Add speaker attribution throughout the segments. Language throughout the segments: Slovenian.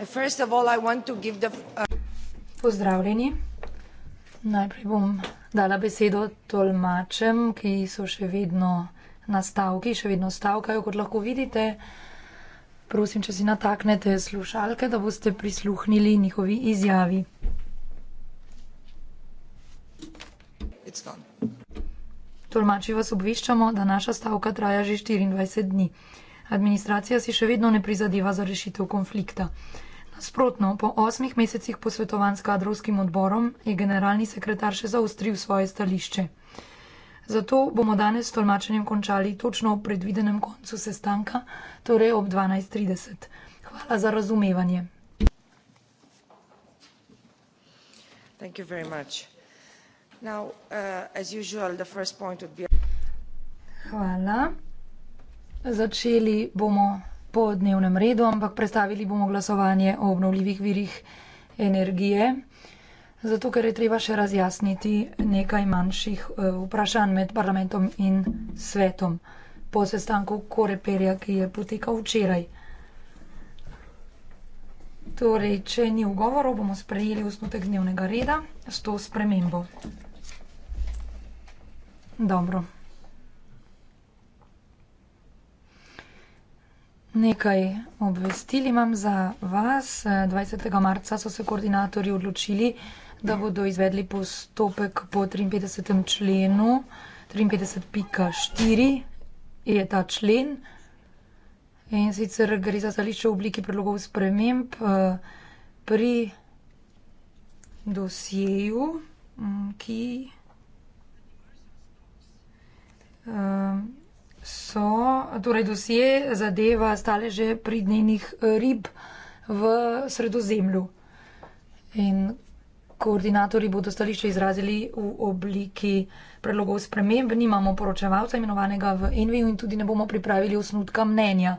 Speaker 1: Uh, Pozdravljeni. Najprej bom dala besedo tolmačem, ki so še vedno na stavki, še vedno stavkajo, kot lahko vidite. Prosim, če si nataknete slušalke, da boste prisluhnili njihovi izjavi. Tolmači vas obveščamo, da naša stavka traja že 24 dni. Administracija si še vedno ne prizadeva za rešitev konflikta. Nasprotno, po osmih mesecih posvetovanj s kadrovskim odborom je generalni sekretar še zaostril svoje stališče. Zato bomo danes s tolmačenjem končali točno ob predvidenem koncu sestanka, torej ob 12.30. Hvala za razumevanje. Uh, Hvala. Začeli bomo po dnevnem redu, ampak predstavili bomo glasovanje o obnovljivih virih energije, zato ker je treba še razjasniti nekaj manjših eh, vprašanj med parlamentom in svetom po sestanku Koreperja, ki je potekal včeraj. Torej, če ni ugovorov, bomo sprejeli osnutek dnevnega reda s to spremembo. Dobro. Nekaj obvestil imam za vas. 20. marca so se koordinatorji odločili, da bodo izvedli postopek po 53. členu. 53.4 je ta člen. In sicer gre za stališče v obliki predlogov sprememb pri dosjeju, ki so, torej dosje zadeva staleže pridnenih eh, rib v sredozemlju. In koordinatorji bodo stališče izrazili v obliki predlogov sprememb. Nimamo poročevalca imenovanega v Envi in tudi ne bomo pripravili osnutka mnenja.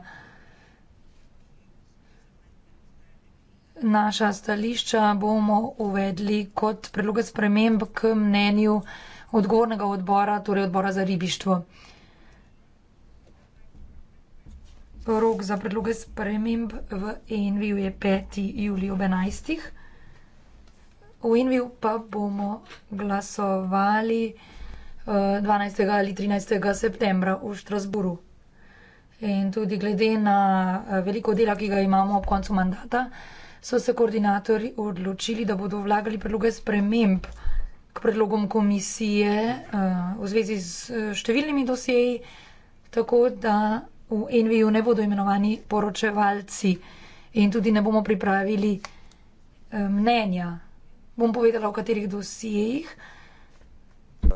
Speaker 1: Naša stališča bomo uvedli kot predloge sprememb k mnenju odgornega odbora, torej odbora za ribištvo. rok za predloge sprememb v Envju je 5. julij ob 11. V Envju pa bomo glasovali 12. Eh, ali 13. septembra v Štrasburu. In tudi glede na eh, veliko dela, ki ga imamo ob koncu mandata, so se koordinatori odločili, da bodo vlagali predloge sprememb k predlogom komisije eh, v zvezi z številnimi dosjeji, tako da v Enviju ne bodo imenovani poročevalci in tudi ne bomo pripravili eh, mnenja. Bom povedala, v katerih dosijih. Uh,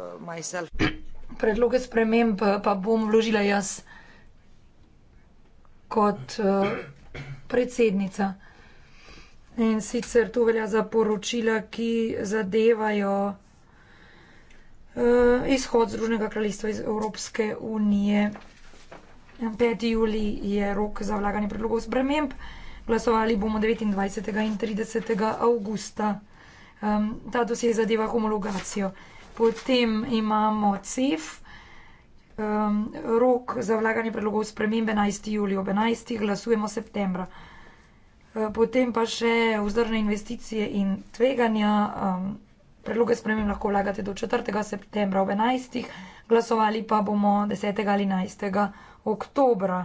Speaker 1: Predloge sprememb eh, pa bom vložila jaz kot uh, predsednica. In sicer to velja za poročila, ki zadevajo uh, izhod Združenega kraljestva iz Evropske unije. 5. juli je rok za vlaganje predlogov sprememb, glasovali bomo 29. in 30. augusta. Um, ta dosje zadeva homologacijo. Potem imamo CEF, um, rok za vlaganje predlogov sprememb 11. julija, ob 11. glasujemo septembra. Uh, potem pa še vzdržne investicije in tveganja. Um, predloge sprememb lahko vlagate do 4. septembra ob 11. glasovali pa bomo 10. ali 11. oktobra.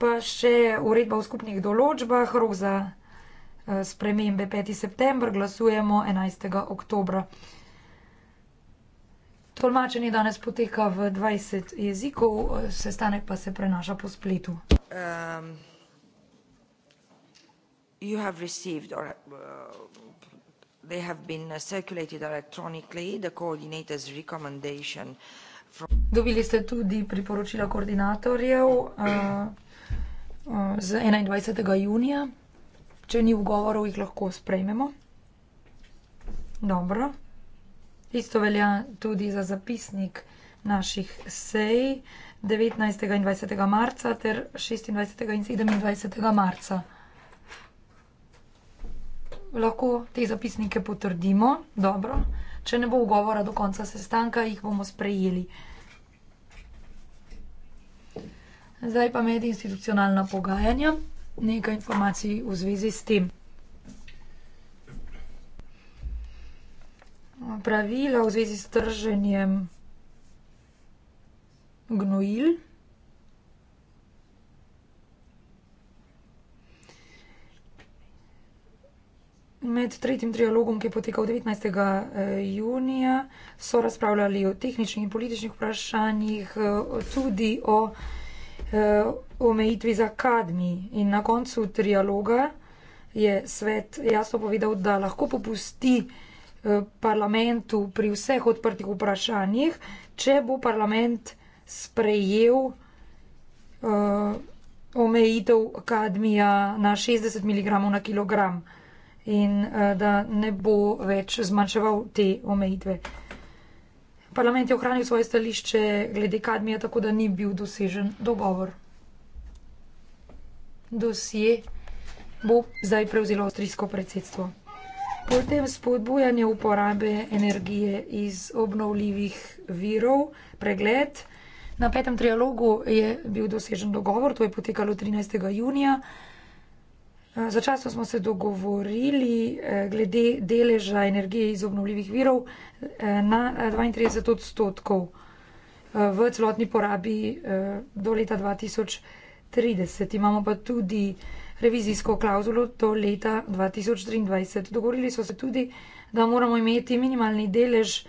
Speaker 1: Pa še uredba v skupnih določbah, rok za eh, spremembe 5. september, glasujemo 11. oktobra. Tolmačenje danes poteka v 20 jezikov, eh, sestanek pa se prenaša po spletu. Um, they have been uh, circulated electronically the coordinator's recommendation from dobili ste tudi priporočila koordinatorjev uh, uh z 21. junija če ni ugovorov jih lahko sprejmemo dobro isto velja tudi za zapisnik naših sej 19. in 20. marca ter 26. in 27. marca lahko te zapisnike potrdimo, dobro. Če ne bo ugovora do konca sestanka, jih bomo sprejeli. Zdaj pa med institucionalna pogajanja. Nekaj informacij v zvezi s tem. Pravila v zvezi s trženjem gnojil. Med tretjim trialogom, ki je potekal devetnajstega, eh, junija, so razpravljali o tehničnih in političnih vprašanjih, eh, tudi o, eh, omejitvi za kadmi. In na koncu trialoga je svet jasno povedal, da lahko popusti parlamentu pri vseh odprtih vprašanjih, če bo parlament sprejel uh, omejitev kadmija na 60 mg na kilogram. Uh, in uh, da ne bo več zmanjševal te omejitve. Parlament je ohranil svoje stališče glede kadmija, tako da ni bil dosežen dogovor. Dosje bo zdaj prevzelo avstrijsko predsedstvo. Potem spodbujanje uporabe energije iz obnovljivih virov, pregled. Na petem trialogu je bil dosežen dogovor, to je potekalo 13. junija. Začasno smo se dogovorili eh, glede deleža energije iz obnovljivih virov eh, na 32 eh, odstotkov v celotni porabi do leta 2030. Imamo pa tudi revizijsko klauzulo do leta 2023. Dogovorili so se tudi, da moramo imeti minimalni delež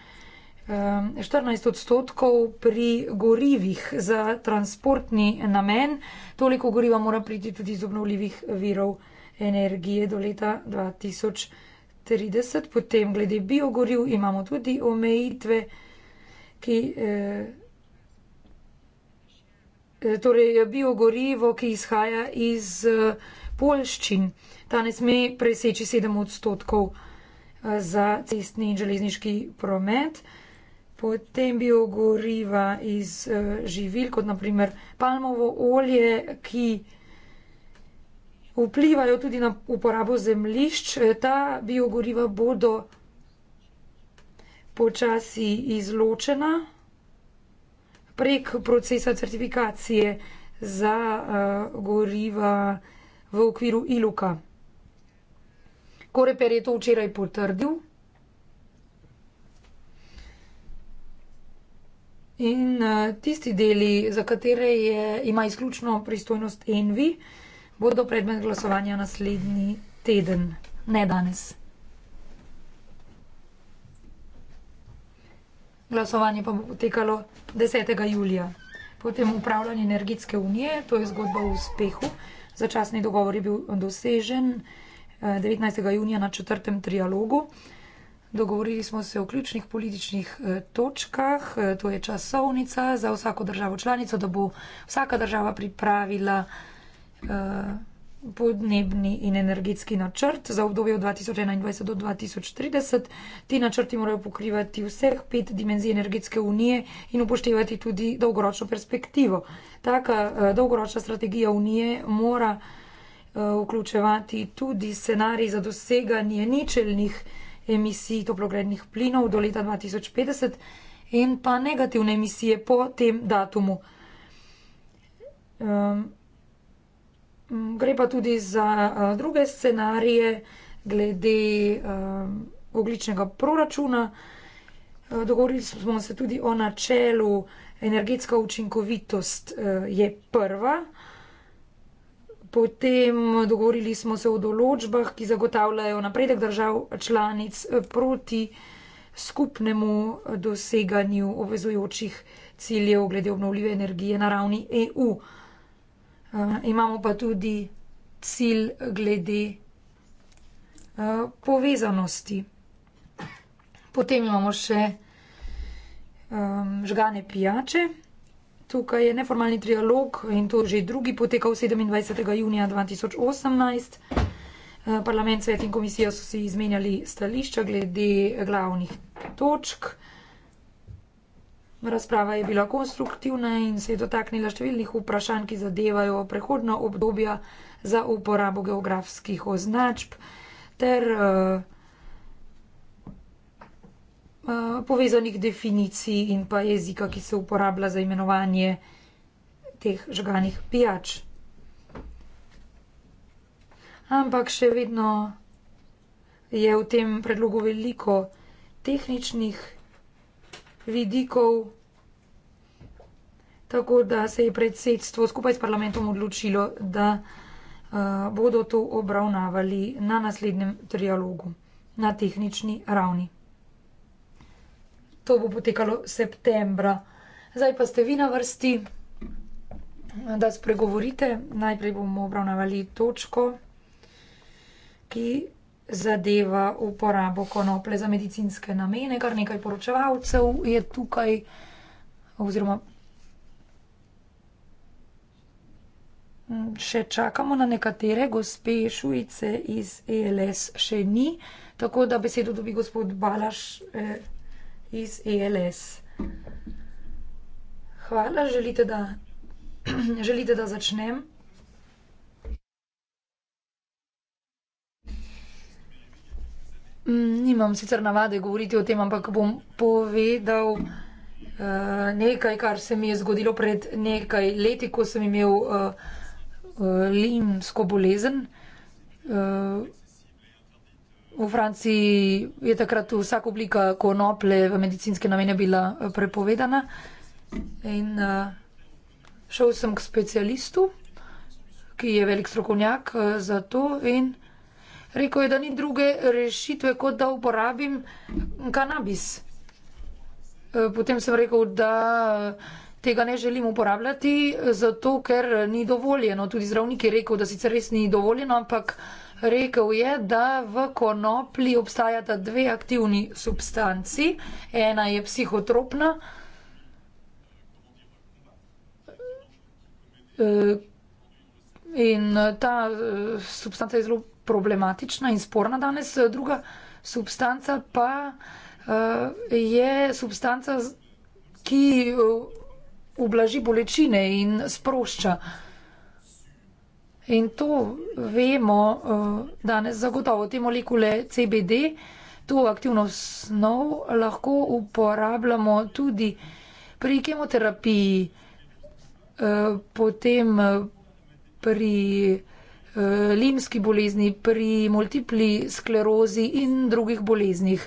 Speaker 1: 14 odstotkov pri gorivih za transportni namen. Toliko goriva mora priti tudi iz obnovljivih virov energije energije do leta 2030. Potem glede biogoriv imamo tudi omejitve, ki. Eh, eh torej, biogorivo, ki izhaja iz eh, polščin, ta ne sme preseči 7 odstotkov eh, za cestni in železniški promet. Potem biogoriva iz eh, živil, kot naprimer palmovo olje, ki vplivajo tudi na uporabo zemljišč. Eh, ta biogoriva bodo počasi izločena prek procesa certifikacije za eh, goriva v okviru ILUKA. Koreper je to včeraj potrdil. In eh, tisti deli, za katere ima izključno pristojnost ENVI, bodo predmet glasovanja naslednji teden, ne danes. Glasovanje pa bo potekalo 10. julija. Potem upravljanje energetske unije, to je zgodba o uspehu. Začasni dogovor je bil dosežen 19. Eh, junija na četrtem trialogu. Dogovorili smo se o ključnih političnih eh, točkah, eh, to je časovnica za vsako državo članico, da bo vsaka država pripravila Eh, podnebni in energetski načrt za obdobje od 2021 do 2030. Ti načrti morajo pokrivati vseh pet dimenzij energetske unije in upoštevati tudi dolgoročno perspektivo. Taka eh, dolgoročna strategija unije mora eh, vključevati tudi scenarij za doseganje ničelnih emisij toplogrednih plinov do leta 2050 in pa negativne emisije po tem datumu. Ehm, Mm, gre pa tudi za eh, druge scenarije glede eh, ogličnega proračuna. Eh, dogovorili smo se tudi o načelu, energetska učinkovitost je prva. Potem dogovorili smo se o določbah, ki zagotavljajo napredek držav članic proti skupnemu doseganju obvezujočih ciljev glede obnovljive energije na ravni EU. Eh, imamo pa tudi cilj glede eh, povezanosti. Potem imamo še ehm, žgane pijače. Tukaj je neformalni trialog in to že drugi potekal 27. junija 2018. Eh, parlament, svet in komisija so si izmenjali stališča glede glavnih točk. Razprava je bila konstruktivna in se je dotaknila številnih vprašanj, ki zadevajo prehodno obdobje za uporabo geografskih označb ter eh, eh, povezanih definicij in pa jezika, ki se uporablja za imenovanje teh žganih pijač. Ampak še vedno je v tem predlogu veliko tehničnih vidikov. Tako da se je predsedstvo skupaj s parlamentom odločilo, da uh, bodo to obravnavali na naslednjem trialogu na tehnični ravni. To bo potekalo septembra. Zdaj pa ste vi na vrsti, da spregovorite. Najprej bomo obravnavali točko, ki zadeva uporabo konoplje za medicinske namene. Kar nekaj poročevalcev je tukaj, oziroma mm, še čakamo na nekatere gospe Šujice iz ELS, še ni, tako da besedo dobi gospod Balaš eh, iz ELS. Hvala, želite, da, želite, da začnem. Mm, nimam sicer navade govoriti o tem, ampak bom povedal uh, nekaj, kar se mi je zgodilo pred nekaj leti, ko sem imel uh, uh, limsko bolezen. Uh, v Franciji je takrat vsak oblika konople v medicinske namene bila prepovedana in uh, šel sem k specialistu, ki je velik strokovnjak uh, za to in rekel je, da ni druge rešitve, kot da uporabim kanabis. E, potem sem rekel, da tega ne želim uporabljati, zato ker ni dovoljeno. Tudi zdravnik je rekel, da sicer res ni dovoljeno, ampak rekel je, da v konoplji obstajata dve aktivni substanci. Ena je psihotropna. E, in ta e, substanca je zelo problematična in sporna danes. Druga substanca pa uh, je substanca, ki uh, ublaži bolečine in sprošča. In to vemo uh, danes zagotovo. Te molekule CBD, to aktivno snov, lahko uporabljamo tudi pri kemoterapiji, uh, potem uh, pri. Eh, limski bolezni, pri multipli sklerozi in drugih boleznih.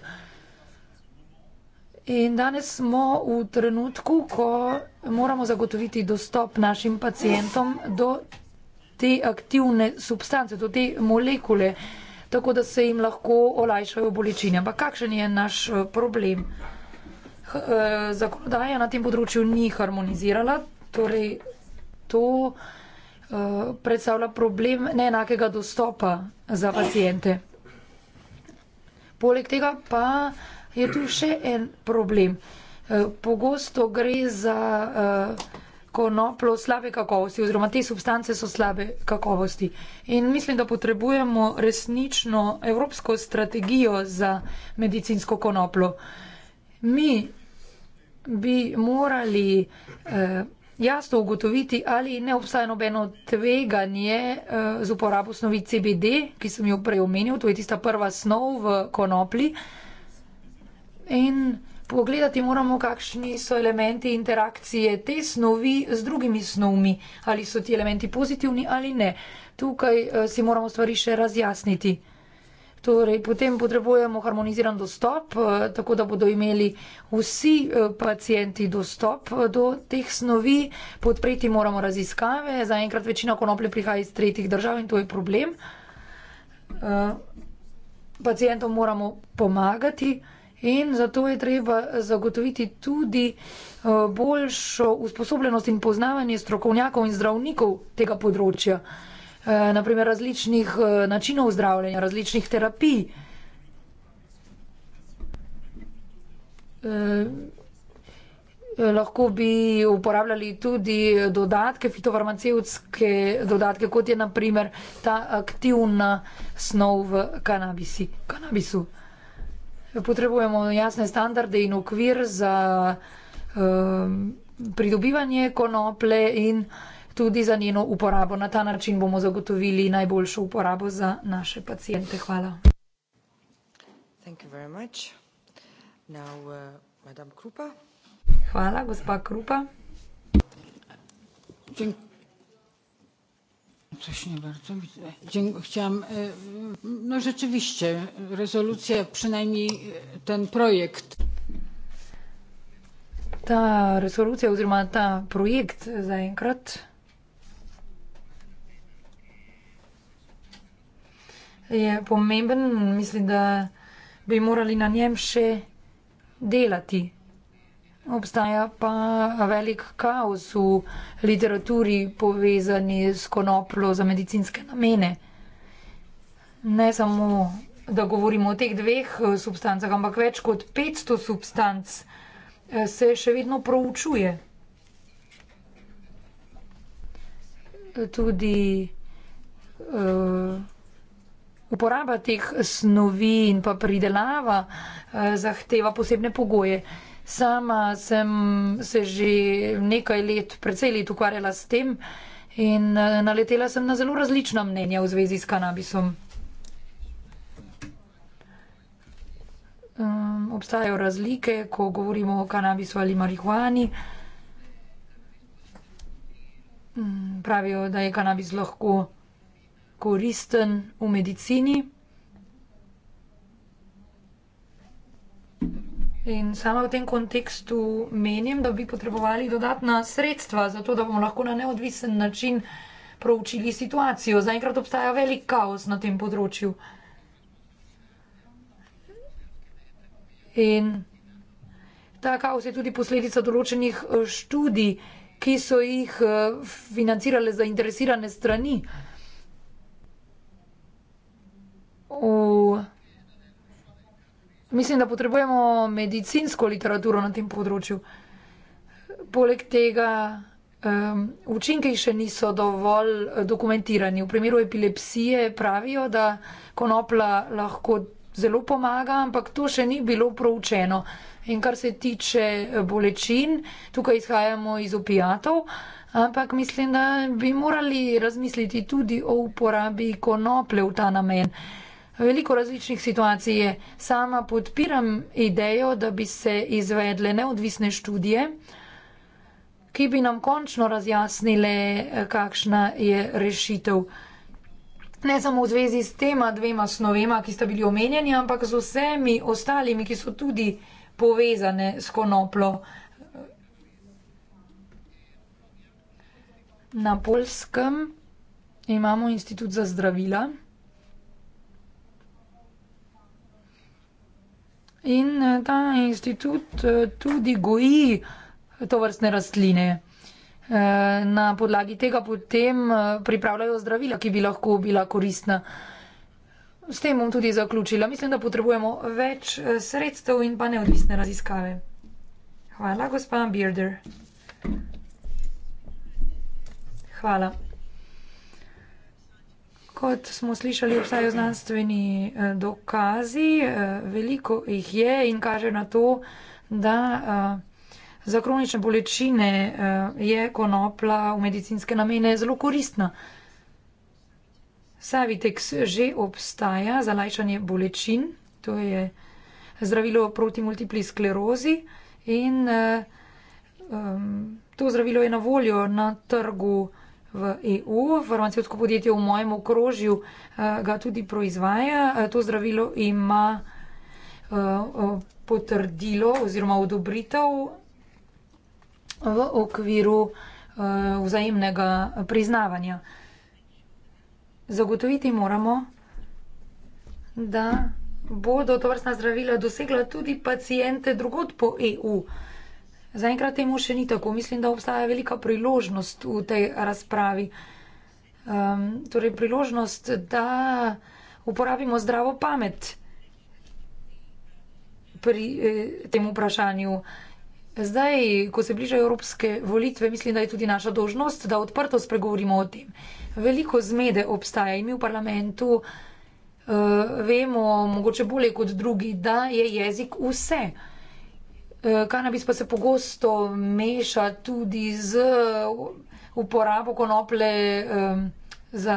Speaker 1: In danes smo v trenutku, ko moramo zagotoviti dostop našim pacijentom do te aktivne substance, do te molekule, tako da se jim lahko olajšajo bolečine. Ampak kakšen je naš eh, problem? Eh, zakonodaja na tem področju ni harmonizirala, torej to Eh, predstavlja problem neenakega dostopa za pacijente. Poleg tega pa je tu še en problem. Eh, pogosto gre za eh, konoplo slabe kakovosti oziroma te substance so slabe kakovosti. In mislim, da potrebujemo resnično evropsko strategijo za medicinsko konoplo. Mi bi morali eh, jasno ugotoviti, ali ne obstaja nobeno tveganje eh, z uporabo snovi CBD, ki sem jo prej omenil, to je tista prva snov v konoplji. In pogledati moramo, kakšni so elementi interakcije te snovi z drugimi snovmi, ali so ti elementi pozitivni ali ne. Tukaj eh, si moramo stvari še razjasniti. Torej, potem potrebujemo harmoniziran dostop, eh, tako da bodo imeli vsi eh, pacijenti dostop eh, do teh snovi. Podpreti moramo raziskave. Zaenkrat večina konoplje prihaja iz tretjih držav in to je problem. Pacijentom moramo pomagati in zato je treba zagotoviti tudi boljšo usposobljenost in poznavanje strokovnjakov in zdravnikov tega področja. Eh, naprimer, različnih eh, načinov zdravljenja, različnih terapij. Eh, lahko bi uporabljali tudi dodatke, fitofarmacevtske dodatke, kot je naprimer ta aktivna snov v kanabisi. kanabisu. Potrebujemo jasne standarde in okvir za um, pridobivanje konople in uh, tudi za njeno uporabo. Na ta način bomo zagotovili najboljšo uporabo za naše pacijente. Hvala. Now, uh, Hvala, gospa Krupa. Think Chciałam, e, no rzeczywiście, rezolucja, przynajmniej e, ten projekt. Ta rezolucja, ta projekt zaenkrat. je pomemben, mislim, da bi morali na njem še delati. Obstaja pa velik kaos v literaturi povezani s konoplo za medicinske namene. Ne samo, da govorimo o teh dveh eh, substancah, ampak več kot 500 substanc eh, se še vedno proučuje. Tudi uh, uporaba teh snovi in pa pridelava eh, zahteva posebne pogoje. Sama sem se že nekaj let, precej let ukvarjala s tem in eh, naletela sem na zelo različna mnenja v zvezi s kanabisom. Um, obstajajo razlike, ko govorimo o kanabisu ali marihuani. Um, pravijo, da je kanabis lahko koristen v medicini. In sama v tem kontekstu menim, da bi potrebovali dodatna sredstva, zato da bomo lahko na neodvisen način proučili situacijo. Zaenkrat obstaja velik kaos na tem področju. In ta kaos je tudi posledica določenih eh, študij, ki so jih eh, financirale zainteresirane strani v... Mislim, da potrebujemo medicinsko literaturo na tem področju. Poleg tega, um, učinki še niso dovolj eh, dokumentirani. V primeru epilepsije pravijo, da konoplja lahko zelo pomaga, ampak to še ni bilo proučeno. In kar se tiče eh, bolečin, tukaj izhajamo iz opijatov, ampak mislim, da bi morali razmisliti tudi o uporabi konople v ta namen veliko različnih situacij je. Sama podpiram idejo, da bi se izvedle neodvisne študije, ki bi nam končno razjasnile, eh, kakšna je rešitev. Ne samo v zvezi s tema dvema snovema, ki sta bili omenjeni, ampak z vsemi ostalimi, ki so tudi povezane s konoplo. Na polskem imamo inštitut za zdravila. In eh, ta inštitut eh, tudi goji eh, to vrstne rastline. Na podlagi tega potem pripravljajo zdravila, ki bi lahko bila koristna. S tem bom tudi zaključila. Mislim, da potrebujemo več sredstev in pa neodvisne raziskave. Hvala, gospod Bearder. Hvala kot smo slišali, obstajajo znanstveni eh, dokazi, eh, veliko jih je in kaže na to, da eh, za kronične bolečine je konopla v medicinske namene zelo koristna. Savitex že obstaja za lajšanje bolečin, to je zdravilo proti multipli sklerozi in um, to zdravilo je na voljo na trgu v EU, farmacevtsko podjetje v mojem okrožju eh, ga tudi proizvaja. Eh, to zdravilo ima eh, potrdilo oziroma odobritev v okviru vzajemnega priznavanja. Zagotoviti moramo, da bodo to vrstna zdravila dosegla tudi pacijente drugot po EU. Zaenkrat temu še ni tako. Mislim, da obstaja velika priložnost v tej razpravi. Um, torej, priložnost, da uporabimo zdravo pamet pri eh, tem vprašanju. Zdaj, ko se bližajo evropske volitve, mislim, da je tudi naša dožnost, da odprto spregovorimo o tem. Veliko zmede obstaja in mi v parlamentu eh, vemo, mogoče bolje kot drugi, da je jezik vse. Eh, Eh, kanabis pa se pogosto meša tudi z uporabo konoplje za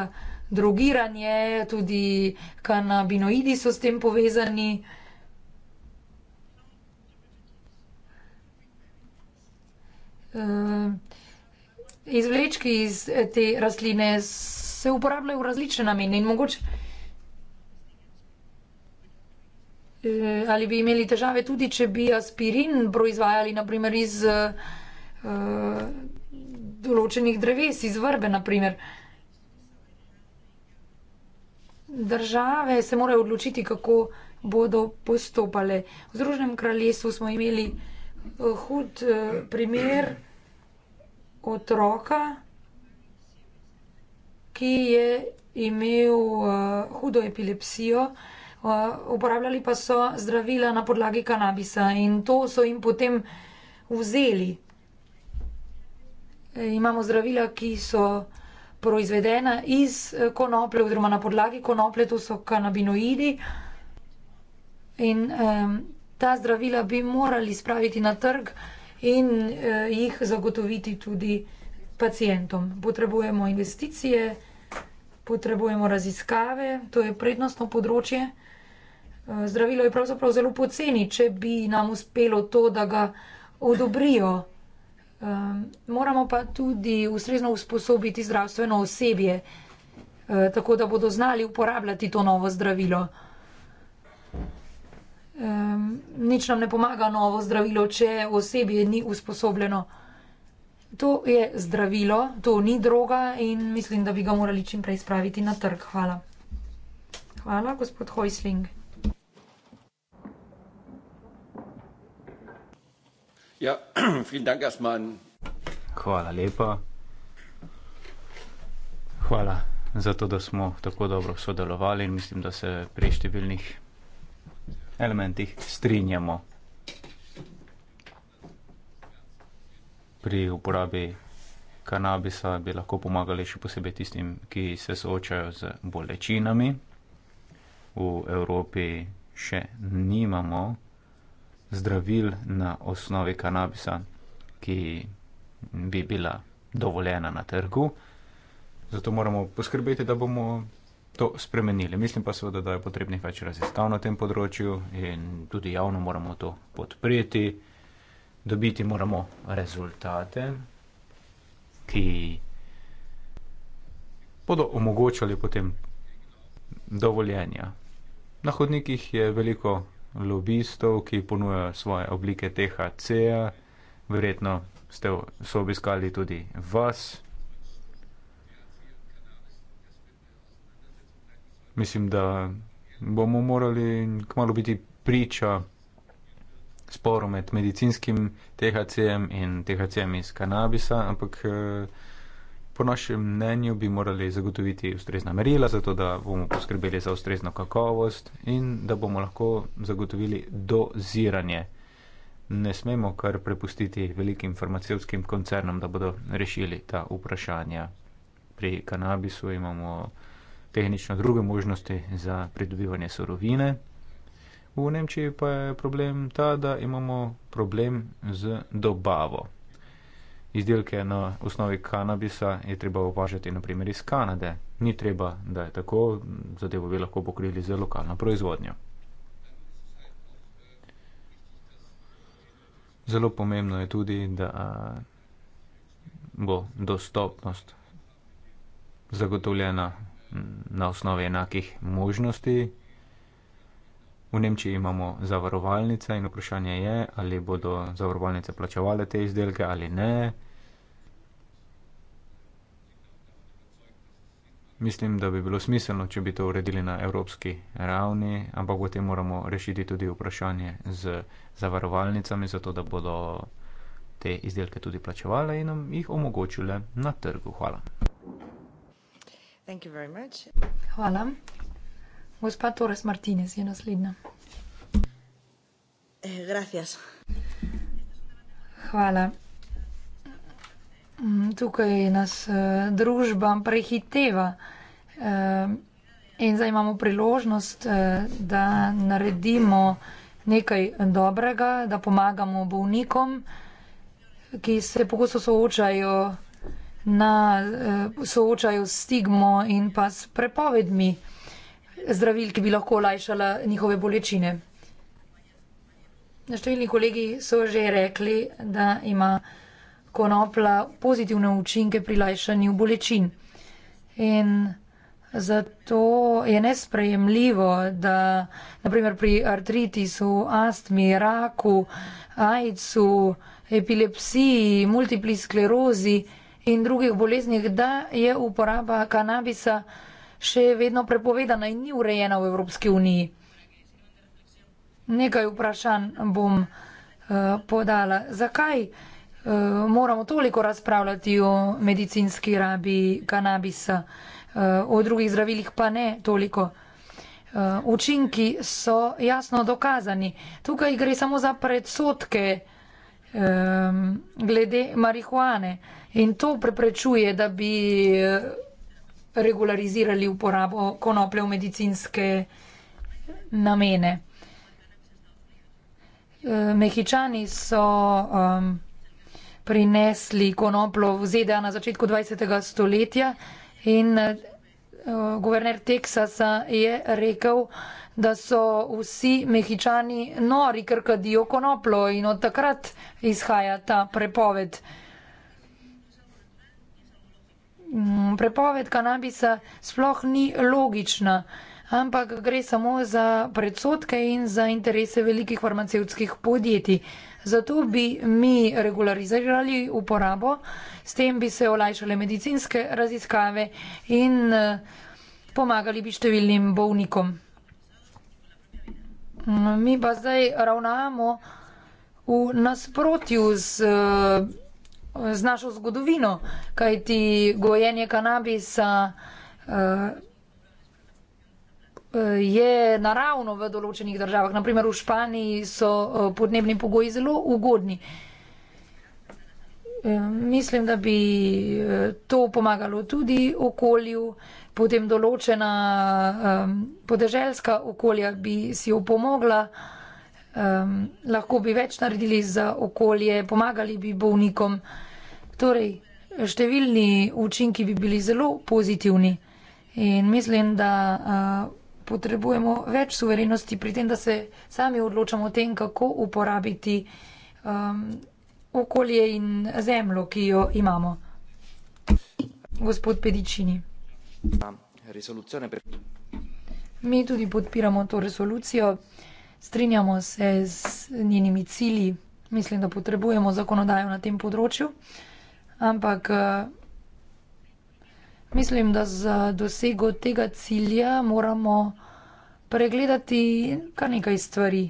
Speaker 1: drogiranje, tudi kanabinoidi so s tem povezani. Izvlečki iz te rastline se uporabljajo v različne namene in mogoče. Eh, ali bi imeli težave tudi, če bi aspirin proizvajali naprimer iz uh, določenih dreves, iz vrbe naprimer. Države se morajo odločiti, kako bodo postopale. V Združenem kraljestvu smo imeli eh, hud primer otroka, ki je imel hudo epilepsijo, Eh, uporabljali pa so zdravila na podlagi kanabisa in to so jim potem vzeli. Eh, imamo zdravila, ki so proizvedena iz eh, konoplje oziroma na podlagi konoplje, to so kanabinoidi. In um, ta zdravila bi morali spraviti na trg in uh, jih zagotoviti tudi pacijentom. Potrebujemo investicije, potrebujemo raziskave, to je prednostno področje. Eh, zdravilo je pravzaprav zelo poceni, če bi nam uspelo to, da ga odobrijo. Moramo pa tudi ustrezno usposobiti zdravstveno osebje, eh, tako da bodo znali uporabljati to novo zdravilo. Nič nam ne pomaga novo zdravilo, če osebje ni usposobljeno. To je zdravilo, to ni droga in mislim, da bi ga morali čim prej spraviti na trg. Hvala. Hvala, gospod Hojsling.
Speaker 2: Ja, vielen Dank erstmal an. Hvala lepa. Hvala za to, da smo tako dobro sodelovali in mislim, da se pri številnih elementih strinjamo. Pri uporabi kanabisa bi lahko pomagali še posebej tistim, ki se soočajo z bolečinami. V Evropi še nimamo zdravil na osnovi kanabisa, ki bi bila dovoljena na trgu. Zato moramo poskrbeti, da bomo to spremenili. Mislim pa seveda, da je potrebnih več raziskav na tem področju in tudi javno moramo to podpreti. Dobiti moramo rezultate, ki bodo omogočali potem dovoljenja. Na hodnikih je veliko lobistov, ki ponujajo svoje oblike THC-ja. Verjetno ste so obiskali tudi vas. Mislim, da bomo morali kmalo biti priča sporu med medicinskim THC-jem in THC-jem iz kanabisa, ampak eh, Po našem mnenju bi morali zagotoviti ustrezna merila, zato da bomo poskrbeli za ustrezno kakovost in da bomo lahko zagotovili doziranje. Ne smemo kar prepustiti velikim farmacevskim koncernom, da bodo rešili ta vprašanja. Pri kanabisu imamo tehnično druge možnosti za pridobivanje sorovine. V Nemčiji pa je problem ta, da imamo problem z dobavo izdelke na osnovi kanabisa je treba opažati naprimer iz Kanade. Ni treba, da je tako, zadevo bi lahko pokrili z lokalno proizvodnjo. Zelo pomembno je tudi, da bo dostopnost zagotovljena na osnovi enakih možnosti. V Nemčiji imamo zavarovalnice in vprašanje je, ali bodo zavarovalnice plačevale te izdelke ali ne. Mislim, da bi bilo smiselno, če bi to uredili na evropski ravni, ampak v tem moramo rešiti tudi vprašanje z zavarovalnicami, zato da bodo te izdelke tudi plačevale in nam jih omogočile na trgu. Hvala.
Speaker 1: Hvala. Gospa Torres Martinez je naslednja. Eh, gracias. Hvala. Mm, tukaj nas eh, družba prehiteva eh, in zdaj imamo priložnost, da naredimo nekaj dobrega, da pomagamo bolnikom, ki se pogosto soočajo, na, soočajo s stigmo in pa s prepovedmi zdravil, ki bi lahko lajšala njihove bolečine. Številni kolegi so že rekli, da ima konopla pozitivne učinke pri lajšanju bolečin. In zato je nesprejemljivo, da naprimer pri artritisu, astmi, raku, ajcu, epilepsiji, multipli sklerozi in drugih boleznih, da je uporaba kanabisa še vedno prepovedana in ni urejena v Evropski uniji. Nekaj vprašanj bom uh, podala. Zakaj uh, moramo toliko razpravljati o medicinski rabi kanabisa, uh, o drugih zdravilih pa ne toliko? Uh, učinki so jasno dokazani. Tukaj gre samo za predsotke um, glede marihuane in to preprečuje, da bi. Uh, regularizirali uporabo konoplje v medicinske namene. E, mehičani so um, prinesli konoplo v ZDA na začetku 20. stoletja in uh, guverner Teksasa je rekel, da so vsi mehičani nori, ker kadijo konoplo in od takrat izhaja ta prepoved. Mm, prepoved kanabisa sploh ni logična, ampak gre samo za predsotke in za interese velikih farmacevskih podjetij. Zato bi mi regularizirali uporabo, s tem bi se olajšale medicinske raziskave in eh, pomagali bi številnim bovnikom. Mm, mi pa zdaj ravnamo v nasprotju z. Uh, z našo zgodovino, kajti gojenje kanabisa eh, eh, je naravno v določenih državah. Naprimer, v Španiji so eh, podnebni pogoji zelo ugodni. Mislim, da bi to pomagalo tudi okolju, potem določena podeželska okolja bi si opomogla um, lahko bi več naredili za okolje, pomagali bi bolnikom. Torej, številni učinki bi bili zelo pozitivni in mislim, da uh, potrebujemo več suverenosti pri tem, da se sami odločamo o tem, kako uporabiti um, okolje in zemljo, ki jo imamo. Gospod Pedičini. Mi tudi podpiramo to resolucijo strinjamo se z njenimi cilji, mislim, da potrebujemo zakonodajo na tem področju, ampak eh, mislim, da za dosego tega cilja moramo pregledati kar nekaj stvari.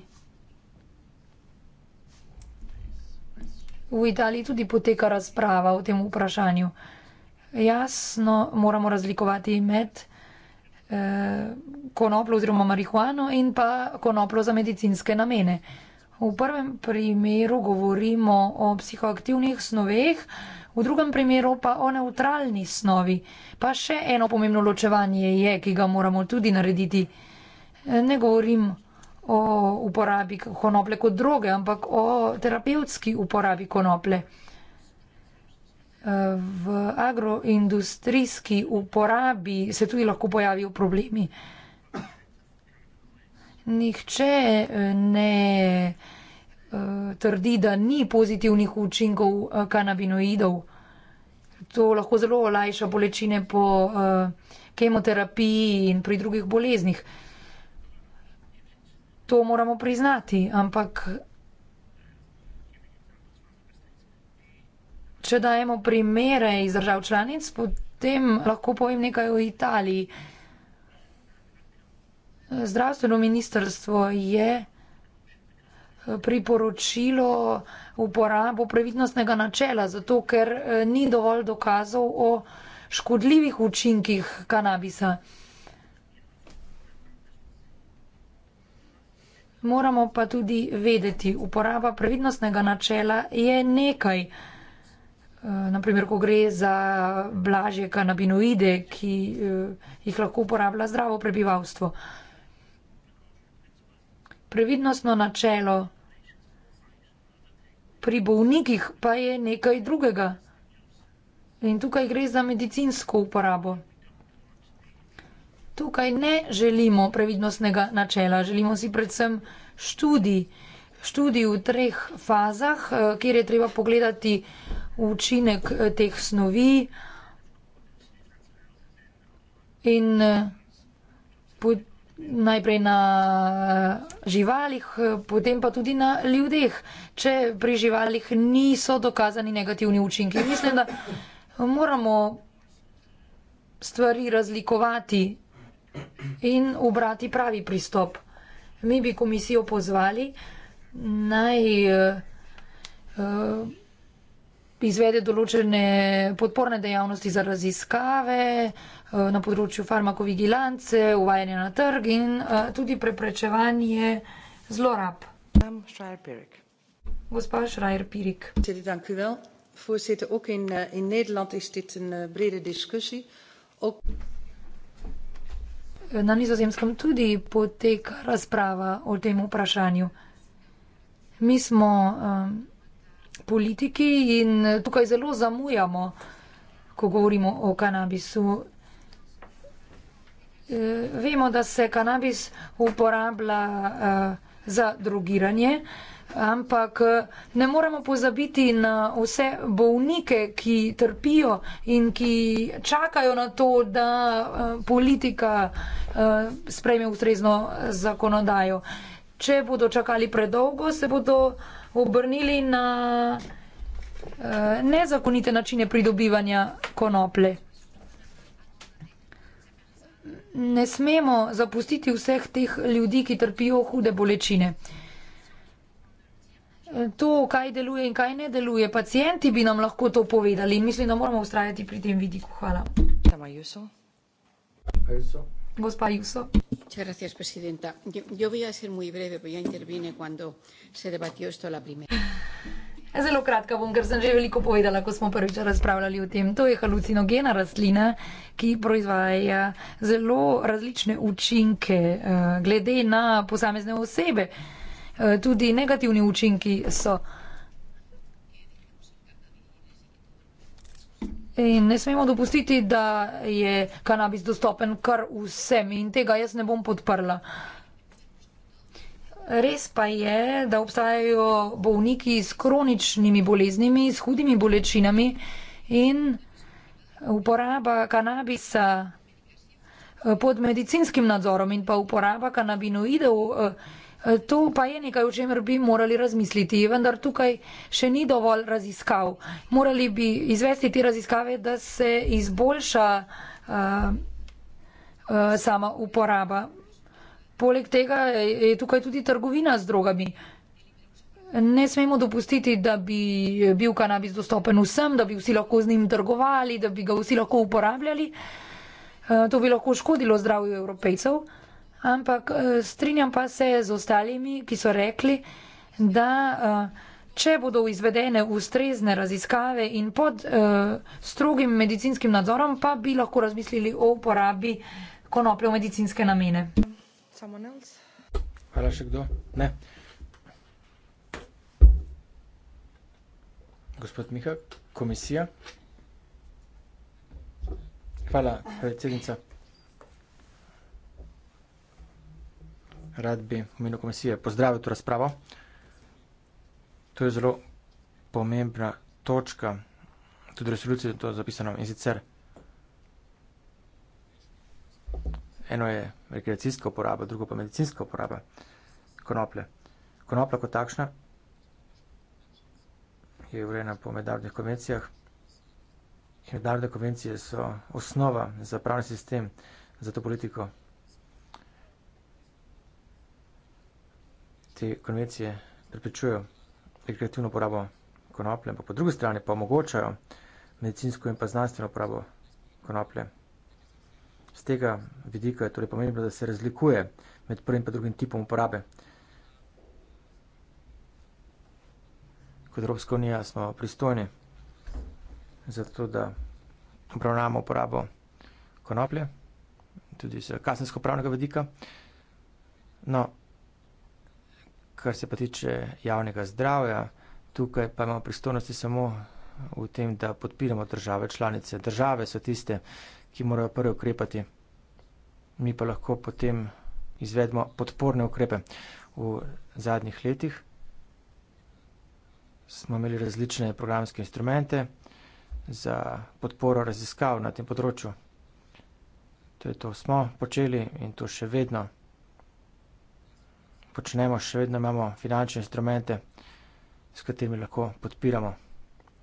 Speaker 1: V Italiji tudi poteka razprava o tem vprašanju. Jasno, moramo razlikovati med eh, konoplo oziroma marihuano in pa konoplo za medicinske namene. V prvem primeru govorimo o psihoaktivnih snoveh, v drugem primeru pa o neutralni snovi. Pa še eno pomembno ločevanje je, ki ga moramo tudi narediti. Eh, ne govorim o uporabi konople kot droge, ampak o terapevtski uporabi konople v agroindustrijski uporabi se tudi lahko pojavijo problemi. Nihče eh, ne eh, trdi, da ni pozitivnih učinkov eh, kanabinoidov. To lahko zelo olajša bolečine po kemoterapiji in pri drugih boleznih. To moramo priznati, ampak Če dajemo primere iz držav članic, potem lahko povem nekaj o Italiji. Zdravstveno ministrstvo je priporočilo uporabo previdnostnega načela, zato ker eh, ni dovolj dokazov o škodljivih učinkih kanabisa. Moramo pa tudi vedeti, uporaba previdnostnega načela je nekaj, Eh, naprimer, ko gre za blažje kanabinoide, ki eh, jih lahko uporablja zdravo prebivalstvo. Previdnostno načelo pri bolnikih pa je nekaj drugega. In tukaj gre za medicinsko uporabo. Tukaj ne želimo previdnostnega načela, želimo si predvsem študij študij v treh fazah, eh, kjer je treba pogledati učinek eh, teh snovi in eh, najprej na živalih, potem pa tudi na ljudeh, če pri živalih niso dokazani negativni učinki. Mislim, da moramo stvari razlikovati in ubrati pravi pristop. Mi bi komisijo pozvali, naj eh, eh, izvede določene podporne dejavnosti za raziskave eh, na področju farmakovigilance, uvajanje na trg in tudi preprečevanje zlorab. Gospa Šrajer-Pirik. Na nizozemskem tudi poteka razprava o tem vprašanju mi smo um, politiki in eh, tukaj zelo zamujamo, ko govorimo o kanabisu. E, vemo, da se kanabis uporablja uh, za drogiranje, ampak ne moremo pozabiti na vse bolnike, ki trpijo in ki čakajo na to, da uh, politika uh, sprejme ustrezno zakonodajo. Uh, če bodo čakali predolgo, se bodo obrnili na e, nezakonite načine pridobivanja konople. Ne smemo zapustiti vseh teh ljudi, ki trpijo hude bolečine. To, kaj deluje in kaj ne deluje, pacijenti bi nam lahko to povedali. Mislim, da moramo ustrajati pri tem vidiku. Hvala. Ja, Majuso. Majuso. Gospa Ayuso. Muchas gracias, presidenta. Yo, yo voy a ser muy breve, porque ya intervine cuando se debatió esto la primera. Ja, zelo kratka bom, ker sem že veliko povedala, ko smo prvič razpravljali o tem. To je halucinogena rastlina, ki proizvaja zelo različne učinke eh, glede na posamezne osebe. Eh, tudi negativni učinki so. In ne smemo dopustiti, da je kanabis dostopen kar vsem in tega jaz ne bom podprla. Res pa je, da obstajajo bolniki s kroničnimi boleznimi, s hudimi bolečinami in uporaba kanabisa eh, pod medicinskim nadzorom in pa uporaba kanabinoidov. Eh, Eh, to pa je nekaj, o čemer bi morali razmisliti, vendar tukaj še ni dovolj raziskav. Morali bi izvesti te raziskave, da se izboljša uh, uh, sama uporaba. Poleg tega je tukaj tudi trgovina z drogami. Ne smemo dopustiti, da bi bil kanabis dostopen vsem, da bi vsi lahko z njim trgovali, da bi ga vsi lahko uporabljali. To bi lahko škodilo zdravju evropejcev. Ampak eh, strinjam pa se z ostalimi, ki so rekli, da eh, če bodo izvedene ustrezne raziskave in pod eh, strogim medicinskim nadzorom, pa bi lahko razmislili o uporabi konoplje v medicinske namene.
Speaker 3: Hvala še kdo? Ne. Gospod Miha, komisija. Hvala, predsednica. rad bi v imenu komisije pozdravil to razpravo. To je zelo pomembna točka, tudi resolucija je to zapisano in sicer eno je rekreacijska uporaba, drugo pa medicinska uporaba konoplje. Konopla kot takšna je urejena po mednarodnih konvencijah. Mednarodne konvencije so osnova za pravni sistem, za to politiko, te konvencije preprečujejo rekreativno porabo konoplje, ampak po drugi strani pa omogočajo medicinsko in pa znanstveno porabo konoplje. Z tega vidika je torej pomembno, da se razlikuje med prvim in drugim tipom uporabe. Kot Evropska unija smo pristojni za to, da obravnavamo uporabo konoplje, tudi z kasninsko pravnega vidika. No, kar se pa tiče javnega zdravja, tukaj pa imamo pristojnosti samo v tem, da podpiramo države članice. Države so tiste, ki morajo prvi ukrepati. Mi pa lahko potem izvedemo podporne ukrepe. V zadnjih letih smo imeli različne programske instrumente za podporo raziskav na tem področju. To je to, smo počeli in to še vedno počnemo, še vedno imamo finančne instrumente, s katerimi lahko podpiramo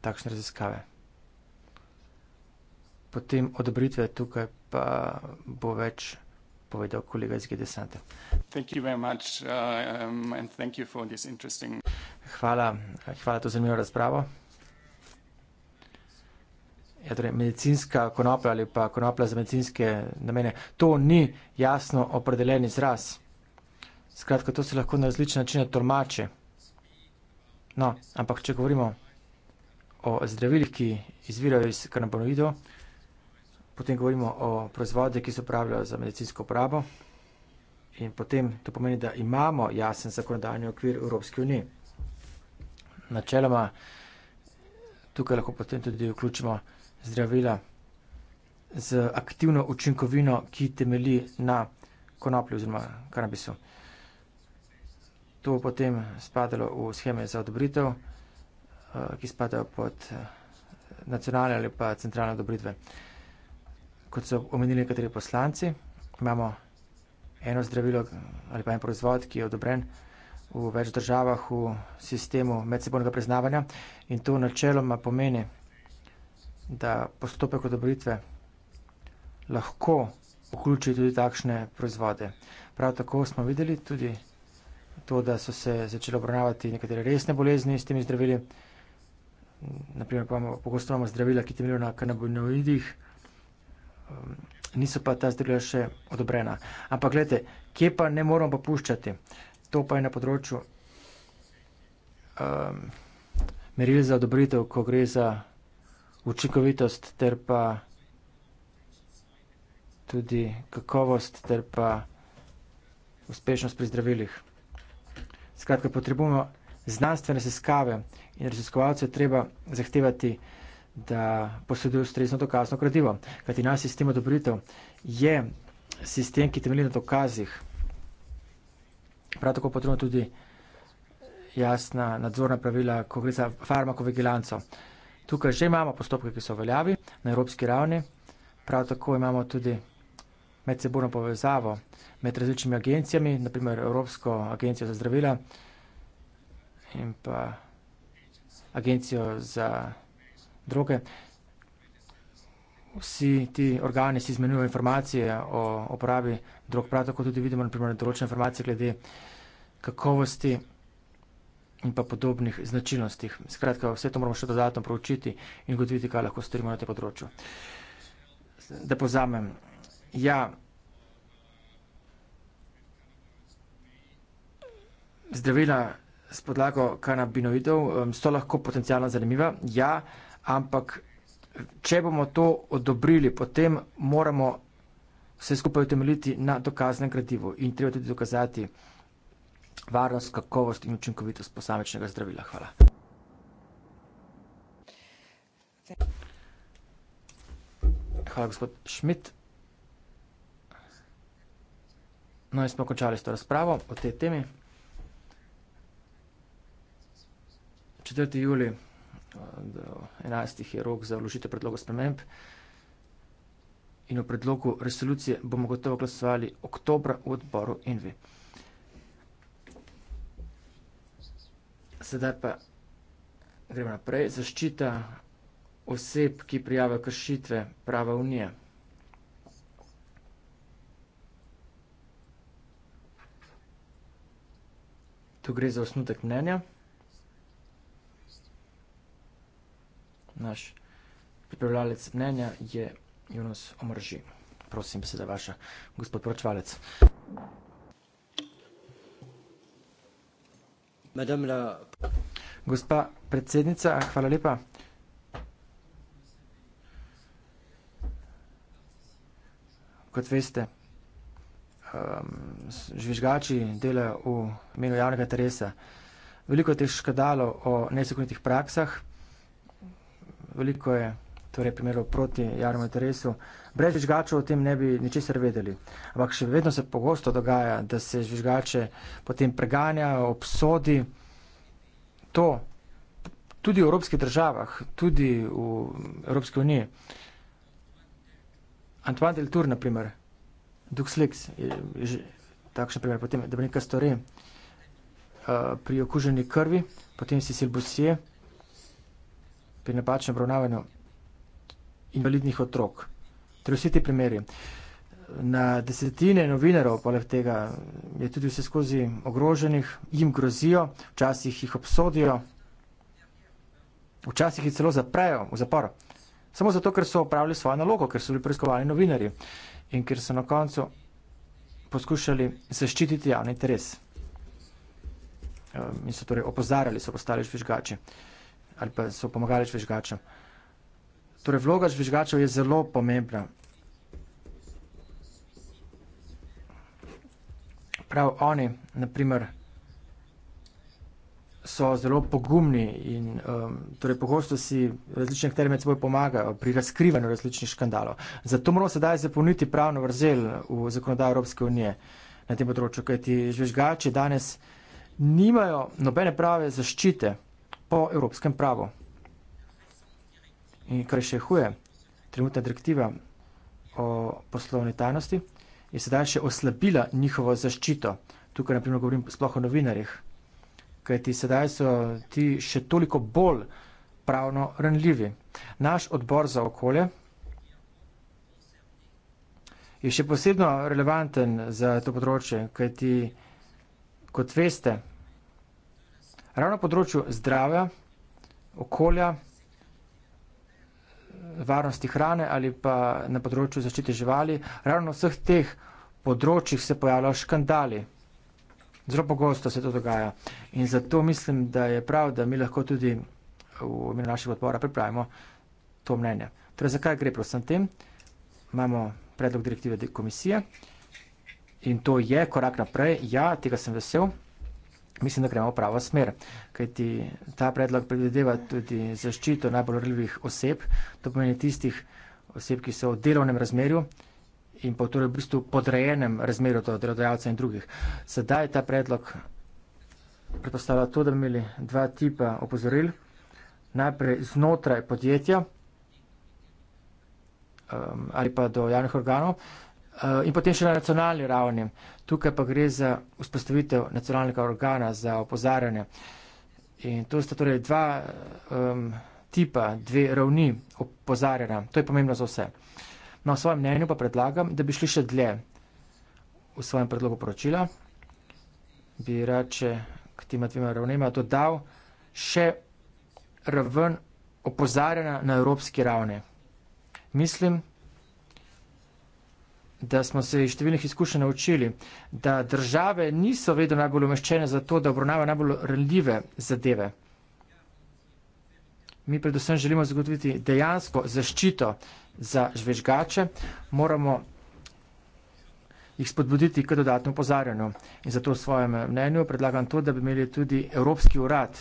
Speaker 3: takšne raziskave. Potem odobritve tukaj pa bo več povedal kolega iz GDS-ante. Uh, um, interesting... hvala, hvala to zanimivo razpravo. Ja, torej, medicinska konoplja ali pa konoplja za medicinske namene, to ni jasno opredeljen izraz. Skratka, to se lahko na različne načine tolmače. No, ampak če govorimo o zdravilih, ki izvirajo iz karnabonoidov, potem govorimo o proizvodih, ki se upravljajo za medicinsko uporabo in potem to pomeni, da imamo jasen zakonodajni okvir Evropske unije. Načeloma, tukaj lahko potem tudi vključimo zdravila z aktivno učinkovino, ki temeli na konoplju oziroma kanabisu to potem spadalo v scheme za odobritev, eh, ki spadajo pod eh, nacionalne ali pa centralne odobritve. Kot so omenili nekateri poslanci, imamo eno zdravilo ali pa en proizvod, ki je odobren v več državah v sistemu medsebojnega priznavanja in to načeloma pomeni, da postopek odobritve lahko vključi tudi takšne proizvode. Prav tako smo videli tudi to, da so se začele obravnavati nekatere resne bolezni s temi zdravili. Naprimer, pogosto imamo zdravila, ki temeljijo na kanabinoidih, um, niso pa ta zdravila še odobrena. Ampak gledajte, kje pa ne moramo popuščati? To pa je na področju um, meril za odobritev, ko gre za učinkovitost ter pa tudi kakovost ter pa uspešnost pri zdravilih. Skratka, potrebujemo znanstvene seskave in raziskovalce treba zahtevati, da posedujo ustrezno dokazno gradivo. Kajti naš sistem odobritev je sistem, ki temelji na dokazih. Prav tako potrebno tudi jasna nadzorna pravila, ko gre za farmakovigilanco. Tukaj že imamo postopke, ki so v veljavi na evropski ravni. Prav tako imamo tudi medsebojno povezavo med različnimi agencijami, naprimer Evropsko agencijo za zdravila in pa agencijo za droge. Vsi ti organi si izmenjujo informacije o uporabi drog, prav tako tudi vidimo naprimer določene informacije glede kakovosti in pa podobnih značilnostih. Skratka, vse to moramo še dodatno proučiti in ugotoviti, kaj lahko storimo na tem področju. Da pozamem, Ja. Zdravila s podlago kanabinoidov so lahko potencijalno zanimiva, ja, ampak če bomo to odobrili, potem moramo se skupaj utemeljiti na dokaznem gradivu in treba tudi dokazati varnost, kakovost in učinkovitost posamečnega zdravila. Hvala. Hvala, gospod Schmidt. No, in smo končali s to razpravo o tej temi. 4. juli, 11. je rok za vložitev predloga sprememb in o predlogu resolucije bomo gotovo glasovali oktobra v odboru NV. Sedaj pa gremo naprej. Zaščita oseb, ki prijavijo kršitve prava Unije. Tu gre za osnutek mnenja. Naš pripravljalec mnenja je Jonas Omrži. Prosim, beseda vaša, gospod poročevalec. La... Gospa predsednica, hvala lepa. Kot veste, um, žvižgači delajo v imenu javnega interesa. Veliko je teh škandalov o nezakonitih praksah, veliko je torej primerov proti javnemu interesu. Brez žvižgačev o tem ne bi ničesar vedeli. Ampak še vedno se pogosto dogaja, da se žvižgače potem preganja, obsodi to tudi v evropskih državah, tudi v Evropski uniji. Antoine Deltour, na primer, duh sliks, takšen primer, potem, da bi nekaj storil. Uh, eh, pri okuženi krvi, potem si silbusije, pri napačnem obravnavanju invalidnih otrok. Torej vsi ti primeri. Na desetine novinarov, poleg tega, je tudi vse skozi ogroženih, jim grozijo, včasih jih obsodijo, včasih jih celo zaprejo v zapor. Samo zato, ker so opravili svojo nalogo, ker so bili preiskovali novinari. Uh, in ker so na koncu poskušali zaščititi javni interes. Ehm, in so torej opozarjali, so postali žvižgači ali pa so pomagali žvižgačem. Torej, vloga žvižgačev je zelo pomembna. Prav oni, naprimer, so zelo pogumni in um, torej pogosto si različne aktere med seboj pomagajo pri razkrivanju različnih škandalov. Zato moramo sedaj zapolniti pravno vrzel v zakonodaji Evropske unije na tem področju, kajti žvižgači danes nimajo nobene prave zaščite po evropskem pravu. In kar še huje, trenutna direktiva o poslovni tajnosti je sedaj še oslabila njihovo zaščito. Tukaj naprimer govorim sploh o novinarjih kajti sedaj so ti še toliko bolj pravno ranljivi. Naš odbor za okolje je še posebno relevanten za to področje, kajti, kot veste, ravno na področju zdravja, okolja, varnosti hrane ali pa na področju zaščite živali, ravno na vseh teh področjih se pojavljajo škandali zelo pogosto se to dogaja. In zato mislim, da je prav, da mi lahko tudi v imenu našega odbora pripravimo to mnenje. Torej, zakaj gre prosim tem? Imamo predlog direktive komisije in to je korak naprej. Ja, tega sem vesel. Mislim, da gremo v pravo smer, kajti ta predlog predvideva tudi zaščito najbolj rljivih oseb, to pomeni tistih oseb, ki so v delovnem razmerju, in pa torej v bistvu podrejenem razmeru do delodajalca in drugih. Sedaj ta predlog predpostavlja to, da bi imeli dva tipa opozoril. Najprej znotraj podjetja um, ali pa do javnih organov uh, in potem še na nacionalni ravni. Tukaj pa gre za vzpostavitev nacionalnega organa za opozarjanje. In to sta torej dva um, tipa, dve ravni opozarjanja. To je pomembno za vse. Na svojem mnenju pa predlagam, da bi šli še dlje v svojem predlogu poročila, bi rače k tima dvima ravnima dodal še raven opozarjanja na evropski ravni. Mislim, da smo se iz številnih izkušenj naučili, da države niso vedno najbolj umeščene za to, da obravnavajo najbolj ranljive zadeve. Mi predvsem želimo zagotoviti dejansko zaščito za žvečgače, moramo jih spodbuditi k dodatno pozarjanju. In zato v svojem mnenju predlagam to, da bi imeli tudi Evropski urad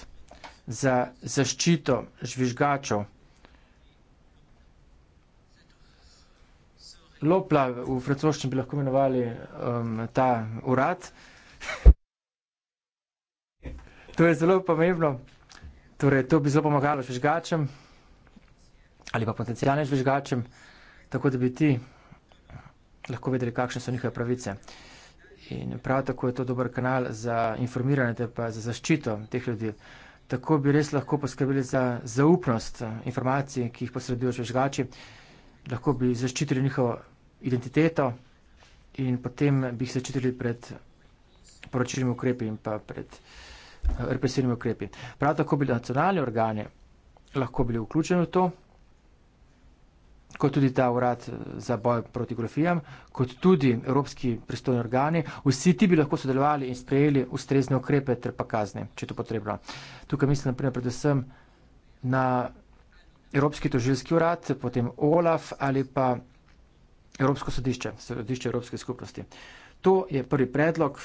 Speaker 3: za zaščito žvižgačev. Lopla v francoščini bi lahko imenovali um, ta urad. to je zelo pomembno. Torej, to bi zelo pomagalo žvižgačem ali pa potencijalnim žvižgačem, tako da bi ti lahko vedeli, kakšne so njihove pravice. In prav tako je to dober kanal za informiranje, pa za zaščito teh ljudi. Tako bi res lahko poskrbeli za zaupnost eh, informacij, ki jih posredujo žvižgači, lahko bi zaščitili njihovo identiteto in potem bi jih zaščitili pred poročilnimi ukrepi in pa pred eh, represivnimi ukrepi. Prav tako bi nacionalni organi lahko bili vključeni v to kot tudi ta urad za boj proti grofijam, kot tudi evropski pristojni organi, vsi ti bi lahko sodelovali in sprejeli ustrezne ukrepe ter pa kazne, če je to potrebno. Tukaj mislim naprimer predvsem na Evropski tožilski urad, potem OLAF ali pa Evropsko sodišče, sodišče Evropske skupnosti. To je prvi predlog,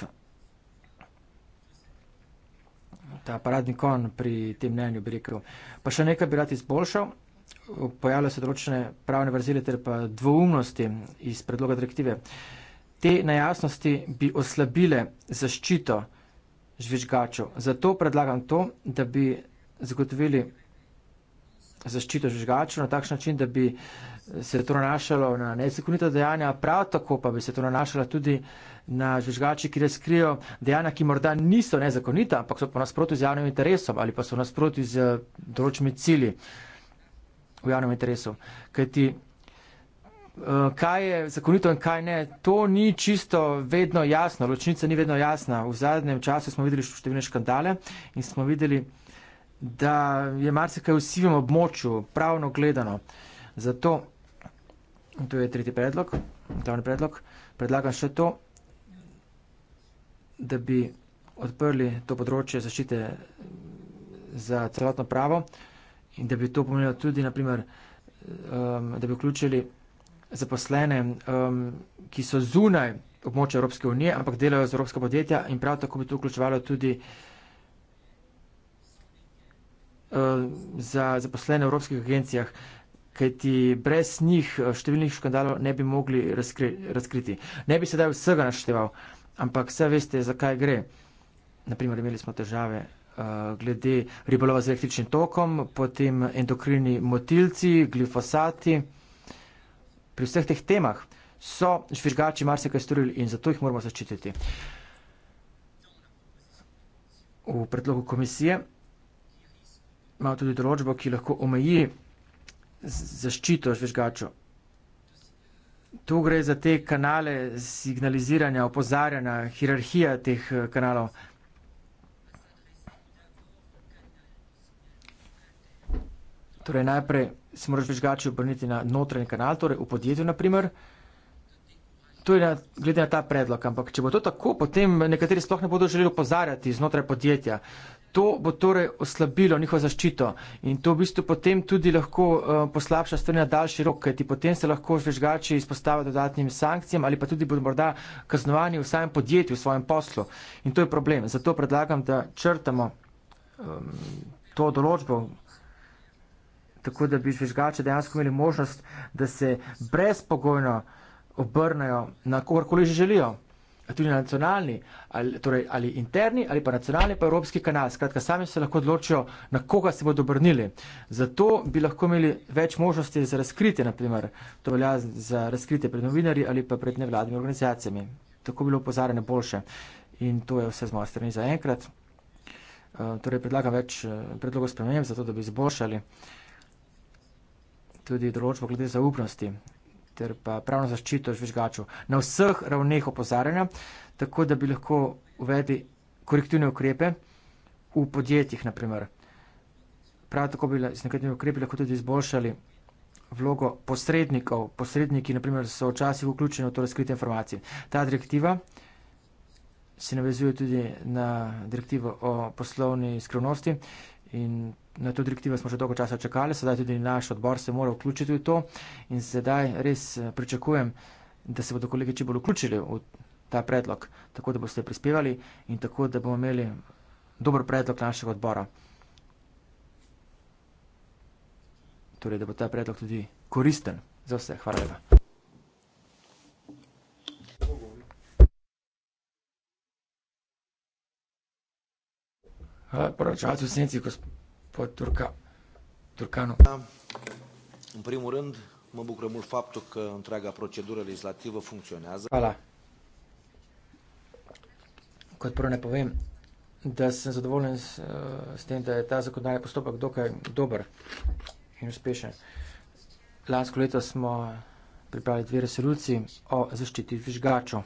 Speaker 3: ta paradni kon pri tem mnenju bi rekel. Pa še nekaj bi rad izboljšal pojavljajo se določene pravne vrzeli ter pa dvoumnosti iz predloga direktive. Te nejasnosti bi oslabile zaščito žvižgačev. Zato predlagam to, da bi zagotovili zaščito žvižgačev na takšen način, da bi se to nanašalo na nezakonita dejanja, prav tako pa bi se to nanašalo tudi na žvižgači, ki razkrijo dejanja, ki morda niso nezakonita, ampak so pa nasprotju z javnim interesom ali pa so nasprotju z določenimi cilji v javnem interesu. Kajti, uh, kaj je zakonito in kaj ne, to ni čisto vedno jasno, ločnica ni vedno jasna. V zadnjem času smo videli številne škandale in smo videli, da je marsikaj v sivem območju, pravno gledano. Zato, in to je tretji predlog, glavni predlog, predlagam še to, da bi odprli to področje zaščite za celotno pravo. Uh, In da bi to pomenilo tudi, naprimer, um, da bi vključili zaposlene, um, ki so zunaj območja Evropske unije, ampak delajo z evropska podjetja in prav tako bi to vključevalo tudi um, za zaposlene v evropskih agencijah, kajti brez njih uh, številnih škandalov ne bi mogli razkri, razkriti. Ne bi sedaj vsega našteval, ampak vse veste, zakaj gre. Naprimer, imeli smo težave Eh, glede ribolova z električnim tokom, potem endokrini motilci, glifosati. Pri vseh teh temah so žvižgači marsikaj storili in zato jih moramo zaščititi. V predlogu komisije imamo tudi določbo, ki lahko omeji zaščito žvižgačo. Tu gre za te kanale signaliziranja, opozarjanja, hierarhija teh eh, kanalov. Torej, najprej se moraš drugače obrniti na notranji kanal, torej v podjetju, naprimer. To je na, glede na ta predlog, ampak če bo to tako, potem nekateri sploh ne bodo želeli opozarjati znotraj podjetja. To bo torej oslabilo njihovo zaščito in to v bistvu potem tudi lahko uh, poslabša stvari na daljši rok, kajti potem se lahko žvižgači izpostavijo dodatnim sankcijam ali pa tudi bodo morda kaznovani v samem podjetju, v svojem poslu. In to je problem. Zato predlagam, da črtamo um, to določbo, tako da bi žvižgače dejansko imeli možnost, da se brezpogojno obrnejo na kogarkoli že želijo. Tudi na nacionalni, ali, torej, ali interni, ali pa nacionalni, pa evropski kanal. Skratka, sami se lahko odločijo, na koga se bodo obrnili. Zato bi lahko imeli več možnosti za razkritje, naprimer, to velja za razkritje pred novinarji ali pa pred nevladnimi organizacijami. Tako bi bilo upozorjeno boljše. In to je vse z moje strani za enkrat. Uh, torej, predlagam več eh, predlogov spremenjem, zato da bi izboljšali. Uh, tudi določbo glede zaupnosti ter pa pravno zaščito žvižgačev na vseh ravneh opozarjanja, tako da bi lahko uvedli korektivne ukrepe v podjetjih, naprimer. Prav tako bi z nekaterimi ukrepi lahko tudi izboljšali vlogo posrednikov. Posredniki, naprimer, so včasih vključeni v to razkrite informacije. Ta direktiva se navezuje tudi na direktivo o poslovni skrivnosti, In na to direktivo smo že dolgo časa čakali, sedaj tudi naš odbor se mora vključiti v to in sedaj res eh, pričakujem, da se bodo kolegi čim bolj vključili v ta predlog, tako da boste prispevali in tako, da bomo imeli dober predlog našega odbora. Torej, da bo ta predlog tudi koristen za vse. Hvala lepa. poročati v senci, gospod Turka, Turkano. În primul rând, mă bucură mult faptul că întreaga procedură legislativă funcționează. Hvala. Cot prvo ne povem, da sem zadovoljen s, s tem, da je ta zakonodajni postopek dokaj dober in uspešen. Lansko leto smo pripravili dve resoluciji o zaščiti žgačov.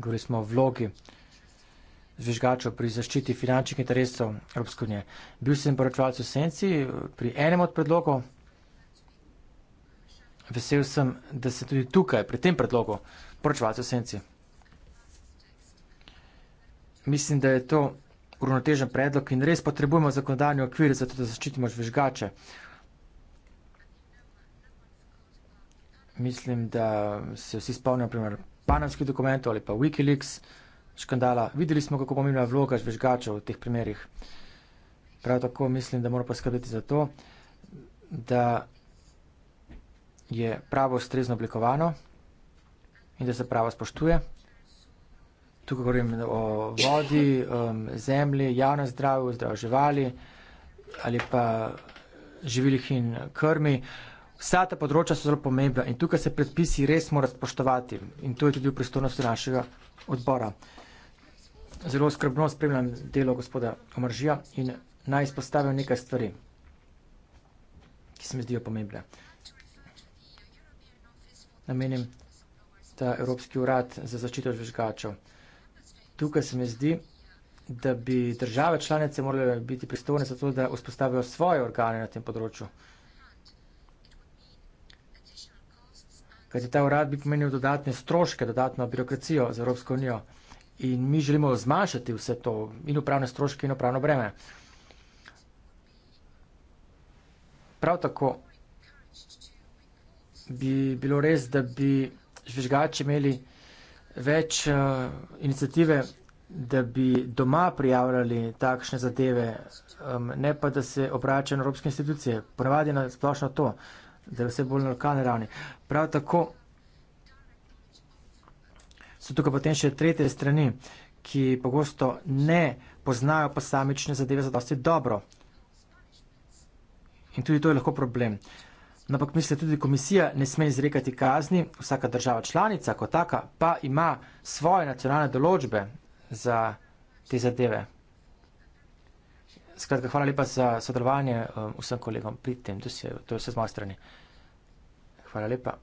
Speaker 3: govorili smo o vlogi žvižgačev pri zaščiti finančnih interesov Evropske unije. Bil sem poročevalec v senci pri enem od predlogov. Vesel sem, da se tudi tukaj, pri tem predlogu, poročevalec v senci. Mislim, da je to uravnotežen predlog in res potrebujemo zakonodajni okvir za to, da zaščitimo žvižgače. Mislim, da se vsi spomnimo, primer, panamskih dokumentov ali pa Wikileaks škandala. Videli smo, kako pomembna je vloga žvižgačev v teh primerih. Prav tako mislim, da moramo poskrbeti za to, da je pravo ustrezno oblikovano in da se pravo spoštuje. Tukaj govorim o vodi, um, zemlji, javnem zdravju, zdravju živali ali pa živilih in krmi. Uh, Vsa ta področja so zelo pomembna in tukaj se predpisi res mora spoštovati in to je tudi v pristojnosti našega odbora. Zelo skrbno spremljam delo gospoda Omržija in naj izpostavim nekaj stvari, ki se mi zdijo pomembne. Namenim ta Evropski urad za začito žvižgačev. Tukaj se mi zdi, da bi države članice morale biti pristojne za to, da vzpostavijo svoje organe na tem področju. kajti ta urad bi pomenil dodatne stroške, dodatno birokracijo za Evropsko unijo. In mi želimo zmanjšati vse to, in upravne stroške, in upravno breme. Prav tako bi bilo res, da bi žvižgači imeli več uh, eh, inicijative, da bi doma prijavljali takšne zadeve, um, ne pa da se obračajo na evropske institucije. Ponavadi je na splošno to da vse bolj na lokalni ravni. Prav tako so tukaj potem še tretje strani, ki pogosto ne poznajo posamične zadeve za dosti dobro. In tudi to je lahko problem. Napak no, misli tudi komisija ne sme izrekati kazni, vsaka država članica kot taka pa ima svoje nacionalne določbe za te zadeve. Skratka, hvala lepa za sodelovanje um, vsem kolegom pri tem, to, se, to je vse z moje strani. Hvala lepa.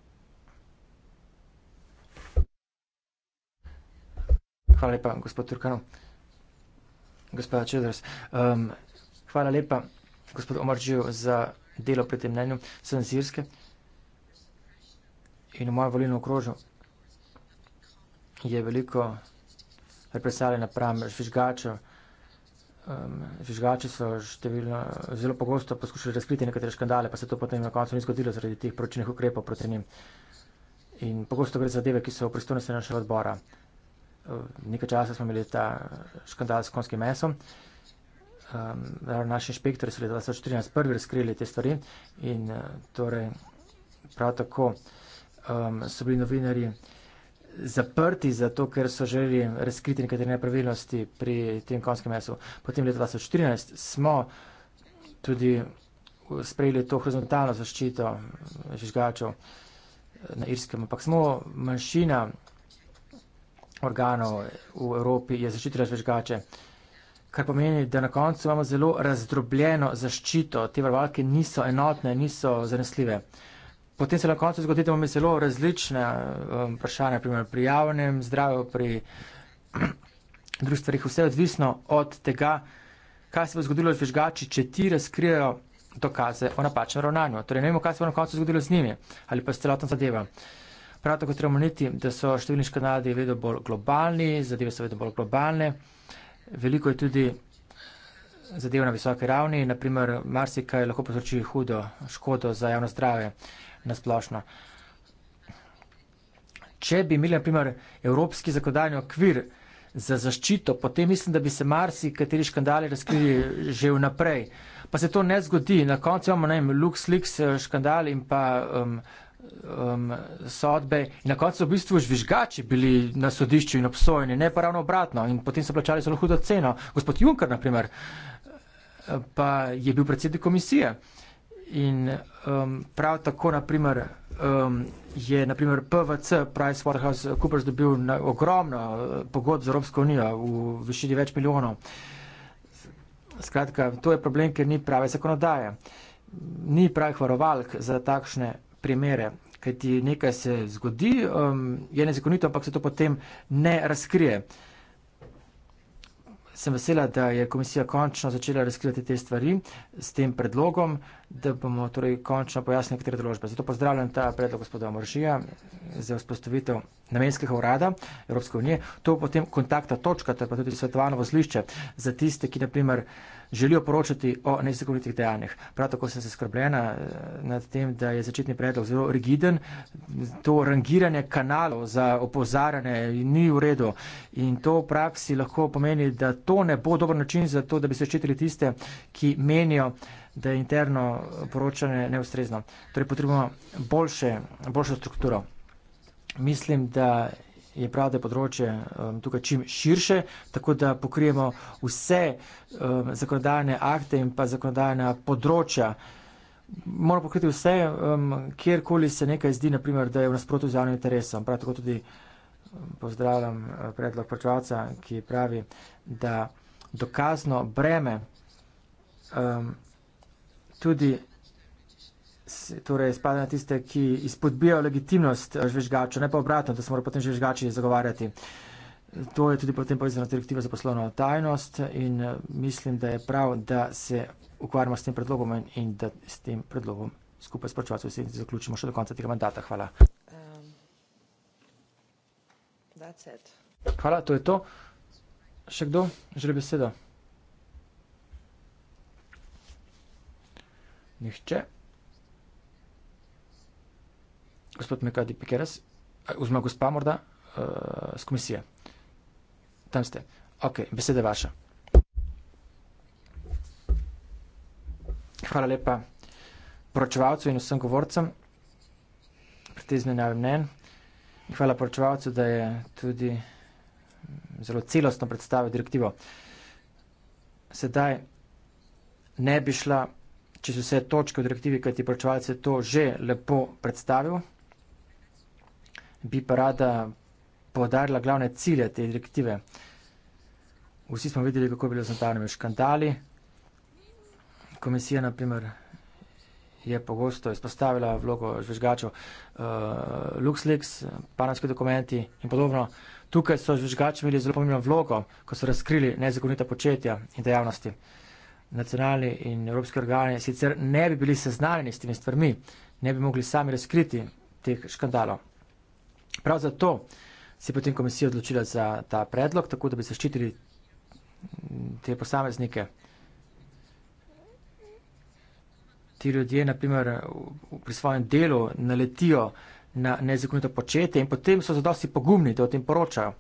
Speaker 3: Hvala lepa, gospod Turkano. Gospod Čedras. Um, hvala lepa, gospod Omarđev, za delo pri tem mnenju. Sem z Irske in v mojem volilnem okrožju je veliko represalje napram žvižgačev, um, žvižgači so številno, zelo pogosto poskušali razkriti nekatere škandale, pa se to potem na koncu ni zgodilo zaradi teh poročenih ukrepov proti njim. In pogosto gre za deve, ki so v pristojnosti našega odbora. Nekaj časa smo imeli ta škandal s konskim mesom. Um, naši inšpektori so leta 2014 prvi razkrili te stvari in uh, torej prav tako um, so bili novinari zaprti, zato ker so želeli razkriti nekatere nepravilnosti pri tem konjskem mesu. Potem leta 2014 smo tudi sprejeli to horizontalno zaščito žvižgačev na Irskem, ampak smo manjšina organov v Evropi je zaščitila žvižgače, kar pomeni, da na koncu imamo zelo razdrobljeno zaščito, te varovalke niso enotne, niso zanesljive potem se na koncu zgodi, da imamo zelo različne um, vprašanja, primer, pri javnem zdravju, pri društvarih, vse odvisno od tega, kaj se bo zgodilo z vižgači, če ti razkrijajo dokaze o napačnem ravnanju. Torej, ne vemo, kaj se bo na koncu zgodilo z njimi ali pa s celotno zadevo. Prav tako treba omeniti, da so številni škanali vedno bolj globalni, zadeve so vedno bolj globalne. Veliko je tudi zadev na visoke ravni, naprimer, marsikaj lahko povzroči hudo škodo za javno zdravje nasplošno. Če bi imeli, na primer, evropski zakonodajni okvir za zaščito, potem mislim, da bi se marsikateri škandali razkrili že vnaprej. Pa se to ne zgodi. Na koncu imamo, ne vem, LuxLeak eh, škandal in pa um, um, sodbe. In na koncu so v bistvu žvižgači bili na sodišču in obsojeni, ne pa ravno obratno. In potem so plačali zelo hudo ceno. Gospod Juncker, na primer, eh, pa je bil predsednik komisije. Uh, In um, prav tako naprimer, um, je naprimer, PVC, PricewaterhouseCoopers, dobil na, ogromno uh, pogodb z Evropsko unijo v višini več milijonov. Skratka, to je problem, ker ni prave zakonodaje. Ni pravih varovalk za takšne primere, kaj ti nekaj se zgodi, um, je nezakonito, ampak se to potem ne razkrije. Sem vesela, da je komisija končno začela razkrivati te stvari s tem predlogom, da bomo torej končno pojasnili nekatere določbe. Zato pozdravljam ta predlog gospoda Moržija za vzpostavitev namenskega urada Evropske unije. To bo potem kontakta točka, to je pa tudi svetovano vozlišče za tiste, ki naprimer želijo poročati o nezakonitih dejanjih. Prav tako sem se skrbljena eh, nad tem, da je začetni predlog zelo rigiden. To rangiranje kanalov za opozarjanje ni v redu in to v praksi lahko pomeni, da to ne bo dober način za to, da bi se začetili tiste, ki menijo, da je interno poročanje neustrezno. Torej potrebujemo boljše, boljšo strukturo. Mislim, da je prav, da je področje um, tukaj čim širše, tako da pokrijemo vse um, zakonodajne akte in pa zakonodajna področja. Moramo pokriti vse, um, kjerkoli se nekaj zdi, naprimer, da je v nasprotju z javnim interesom. Prav tako tudi um, pozdravljam uh, predlog pročevalca, ki pravi, da dokazno breme um, tudi torej spada na tiste, ki izpodbijajo legitimnost žvižgača, ne pa obratno, da se morajo potem žvižgači zagovarjati. To je tudi potem povezano z direktivo za poslovno tajnost in eh, mislim, da je prav, da se ukvarjamo s tem predlogom in, in da s tem predlogom skupaj s pročevalcem se zaključimo še do konca tega mandata. Hvala. Um, Hvala, to je to. Še kdo želi besedo? Nihče. Gospod Mekadi Pikeras, oziroma gospa morda uh, eh, z komisije. Tam ste. Ok, beseda je vaša. Hvala lepa poročevalcu in vsem govorcem pri tej izmenjavi mnen. Hvala poročevalcu, da je tudi mm, zelo celostno predstavil direktivo. Sedaj ne bi šla če so vse točke v direktivi, kaj ti poročevalce to že lepo predstavil, bi pa rada podarila glavne cilje te direktive. Vsi smo videli, kako je bilo z notarnimi škandali. Komisija, naprimer, je pogosto izpostavila vlogo žvižgačev uh, LuxLeaks, Lux, panamski dokumenti in podobno. Tukaj so žvižgači imeli zelo pomembno vlogo, ko so razkrili nezakonita početja in dejavnosti. Uh, nacionalni in evropski organi sicer ne bi bili seznanjeni s temi stvarmi, ne bi mogli sami razkriti teh škandalov. Prav zato se je potem komisija odločila za ta predlog, tako da bi zaščitili te posameznike. Ti ljudje, naprimer, pri svojem delu naletijo na nezakonito početje in potem so zadosti pogumni, da o tem poročajo,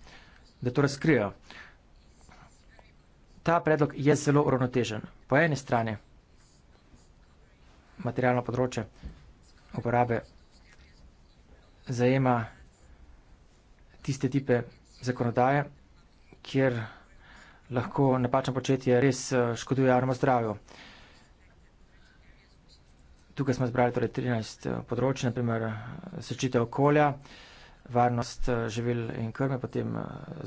Speaker 3: da to razkrijajo ta predlog je zelo uravnotežen. Po eni strani materialno področje uporabe zajema tiste tipe zakonodaje, kjer lahko napačno početje res eh, škoduje javnemu zdravju. Tukaj smo zbrali torej 13 eh, področji, naprimer sečitev eh, okolja, varnost živil in krme, potem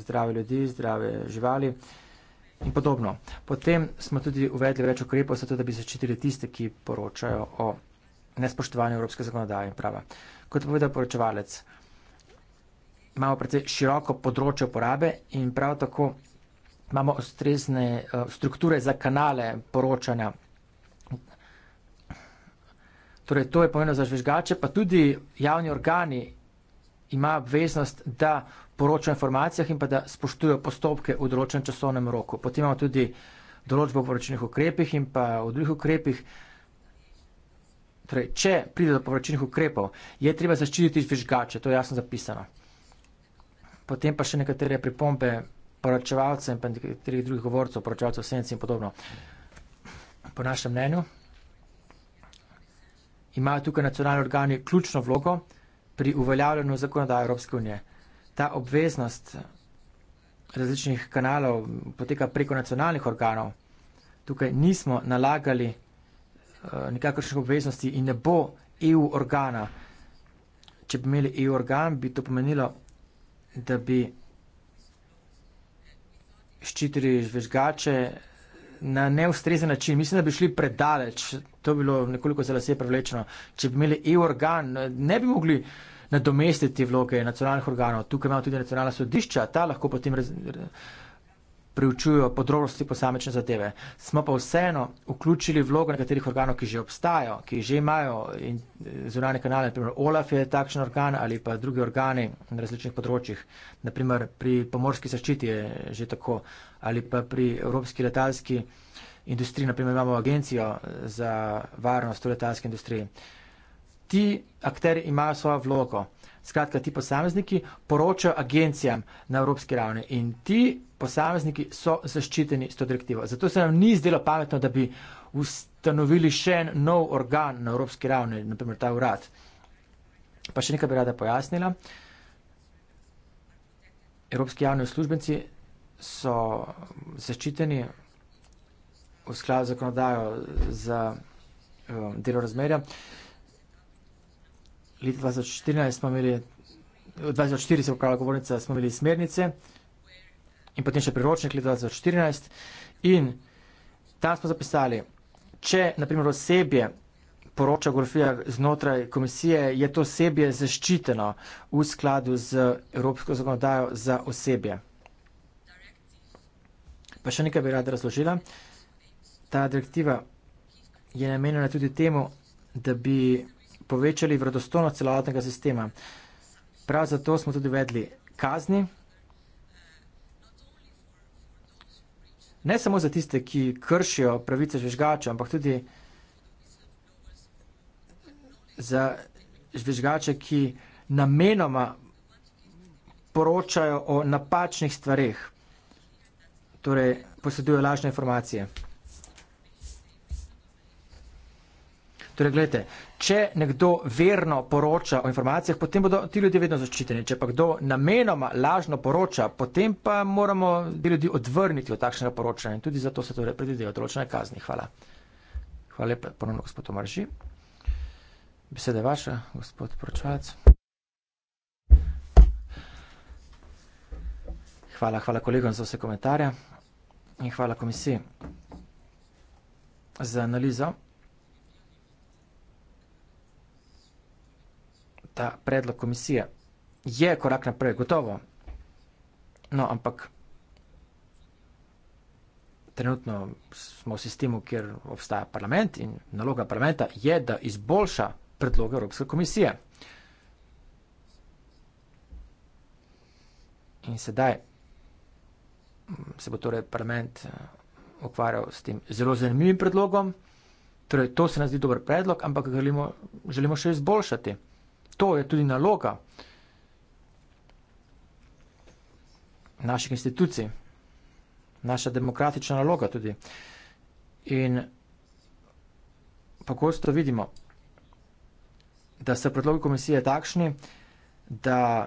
Speaker 3: zdrave ljudi, zdrave živali, in podobno. Potem smo tudi uvedli več ukrepov, zato da bi zaščitili tiste, ki poročajo o nespoštovanju evropske zakonodaje in prava. Kot povedal poročevalec, imamo precej široko področje uporabe in prav tako imamo ustrezne eh, strukture za kanale poročanja. Torej, to je pomeno za žvižgače, pa tudi javni organi ima obveznost, da poročajo o informacijah in pa da spoštujejo postopke v določenem časovnem roku. Potem imamo tudi določbo o poročnih ukrepih in pa o drugih ukrepih. Torej, če pride do poročnih ukrepov, je treba zaščititi žvižgače, to je jasno zapisano. Potem pa še nekatere pripombe poročevalcev in pa nekaterih drugih govorcev, poročevalcev senci in podobno. Po našem mnenju imajo tukaj nacionalni organi ključno vlogo pri uveljavljanju zakonodaje Evropske unije ta obveznost različnih kanalov poteka preko nacionalnih organov. Tukaj nismo nalagali uh, nikakršnih obveznosti in ne bo EU organa. Če bi imeli EU organ, bi to pomenilo, da bi ščitili žvežgače na neustrezen način. Mislim, da bi šli predaleč. To bi bilo nekoliko zelo vse prevlečeno. Če bi imeli EU organ, ne bi mogli. Uh, nadomestiti vloge nacionalnih organov. Tukaj imamo tudi nacionalna sodišča, ta lahko potem preučujejo podrobnosti posamečne zadeve. Smo pa vseeno vključili vlogo nekaterih organov, ki že obstajajo, ki že imajo eh, zunanje kanale, naprimer OLAF je takšen organ ali pa drugi organi na različnih področjih, naprimer pri pomorski zaščiti je že tako ali pa pri evropski letalski industriji, naprimer imamo agencijo eh, za varnost v letalski industriji. Uh, ti akteri imajo svojo vlogo. Skratka, ti posamezniki poročajo agencijam na evropski ravni in ti posamezniki so zaščiteni s to direktivo. Zato se nam ni zdelo pametno, da bi ustanovili še en nov organ na evropski ravni, naprimer ta urad. Pa še nekaj bi rada pojasnila. Evropski javni uslužbenci so zaščiteni v skladu z zakonodajo za um, delo razmerja. Uh, leta 2014 smo imeli, 2004 se upravlja govornica, smo imeli smernice in potem še priročnik leta 2014 in tam smo zapisali, če naprimer osebje poroča gorfija znotraj komisije, je to osebje zaščiteno v skladu z Evropsko zakonodajo za osebje. Pa še nekaj bi rada razložila. Ta direktiva je namenjena tudi temu, da bi povečali vredostojnost celotnega sistema. Prav zato smo tudi uvedli kazni, ne samo za tiste, ki kršijo pravice žvižgača, ampak tudi za žvižgače, ki namenoma poročajo o napačnih stvareh, torej posedujo lažne informacije. Torej, gledajte, če nekdo verno poroča o informacijah, potem bodo ti ljudje vedno zaščiteni. Če pa kdo namenoma lažno poroča, potem pa moramo ti ljudi odvrniti od takšnega poročanja. In tudi zato se torej predvidejo določene kazni. Hvala. Hvala lepa ponovno, gospod Omarži. Beseda je vaša, gospod poročevalec. Hvala, hvala kolegom za vse komentarje in hvala komisiji za analizo. ta predlog komisije je korak naprej, gotovo. No, ampak trenutno smo v sistemu, kjer obstaja parlament in naloga parlamenta je, da izboljša predloge Evropske komisije. In sedaj se bo torej parlament eh, ukvarjal s tem zelo zanimivim predlogom. Torej, to se nam zdi dober predlog, ampak ga želimo, želimo še izboljšati to je tudi naloga naših institucij, naša demokratična naloga tudi. In pogosto vidimo, da so predlogi komisije takšni, da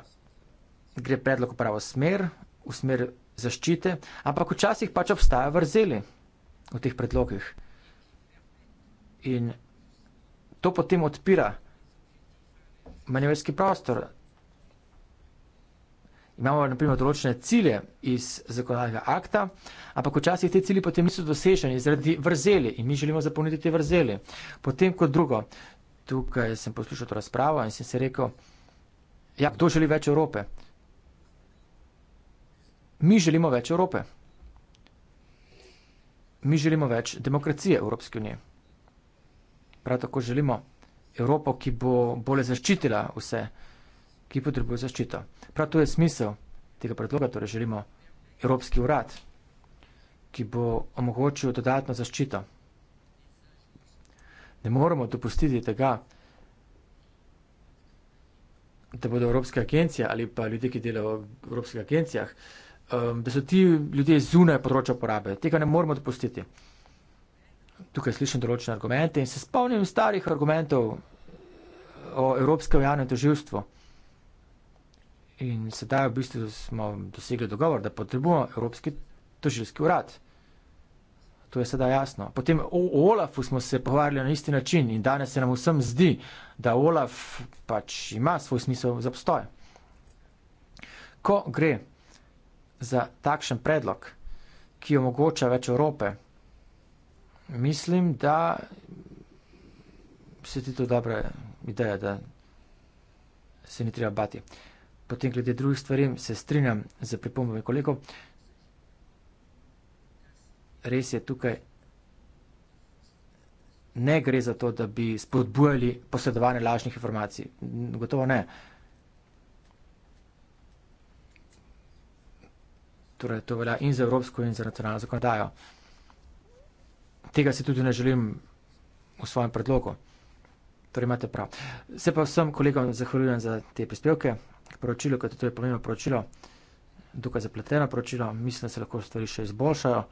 Speaker 3: gre predlog v pravo smer, v smer zaščite, ampak včasih pač obstaja vrzeli v teh predlogih. In to potem odpira manevrski prostor. Imamo, na primer, določene cilje iz zakonodajnega akta, ampak včasih te cilje potem niso dosežene zaradi vrzeli in mi želimo zapolniti te vrzeli. Potem kot drugo, tukaj sem poslušal to razpravo in sem se rekel, ja, kdo želi več Evrope? Mi želimo več Evrope. Mi želimo več demokracije v Evropski uniji. Prav tako želimo Evropo, ki bo bolje zaščitila vse, ki potrebujejo zaščito. Prav to je smisel tega predloga, torej želimo Evropski urad, ki bo omogočil dodatno zaščito. Ne moramo dopustiti tega, da bodo Evropske agencije ali pa ljudje, ki delajo v Evropskih agencijah, um, da so ti ljudje zunaj področja porabe. Tega ne moramo dopustiti tukaj slišim določene argumente in se spomnim starih argumentov o Evropskem javnem toživstvu. In sedaj v bistvu smo dosegli dogovor, da potrebujemo Evropski toživski urad. To je sedaj jasno. Potem o, o Olafu smo se pogovarjali na isti način in danes se nam vsem zdi, da Olaf pač ima svoj smisel za obstoj. Ko gre za takšen predlog, ki omogoča več Evrope, mislim, da se ti to dobra ideja, da se ni treba bati. Potem, glede drugih stvari, se strinjam z pripombami kolegov. Res je tukaj, ne gre za to, da bi spodbujali posredovanje lažnih informacij. Gotovo ne. Torej, to velja in za evropsko, in za nacionalno zakonodajo tega si tudi ne želim v svojem predlogu. Torej, imate prav. Se pa vsem kolegom zahvaljujem za te prispevke, poročilo, kaj to je torej pomembno poročilo, dokaj zapleteno poročilo, mislim, da se lahko stvari še izboljšajo,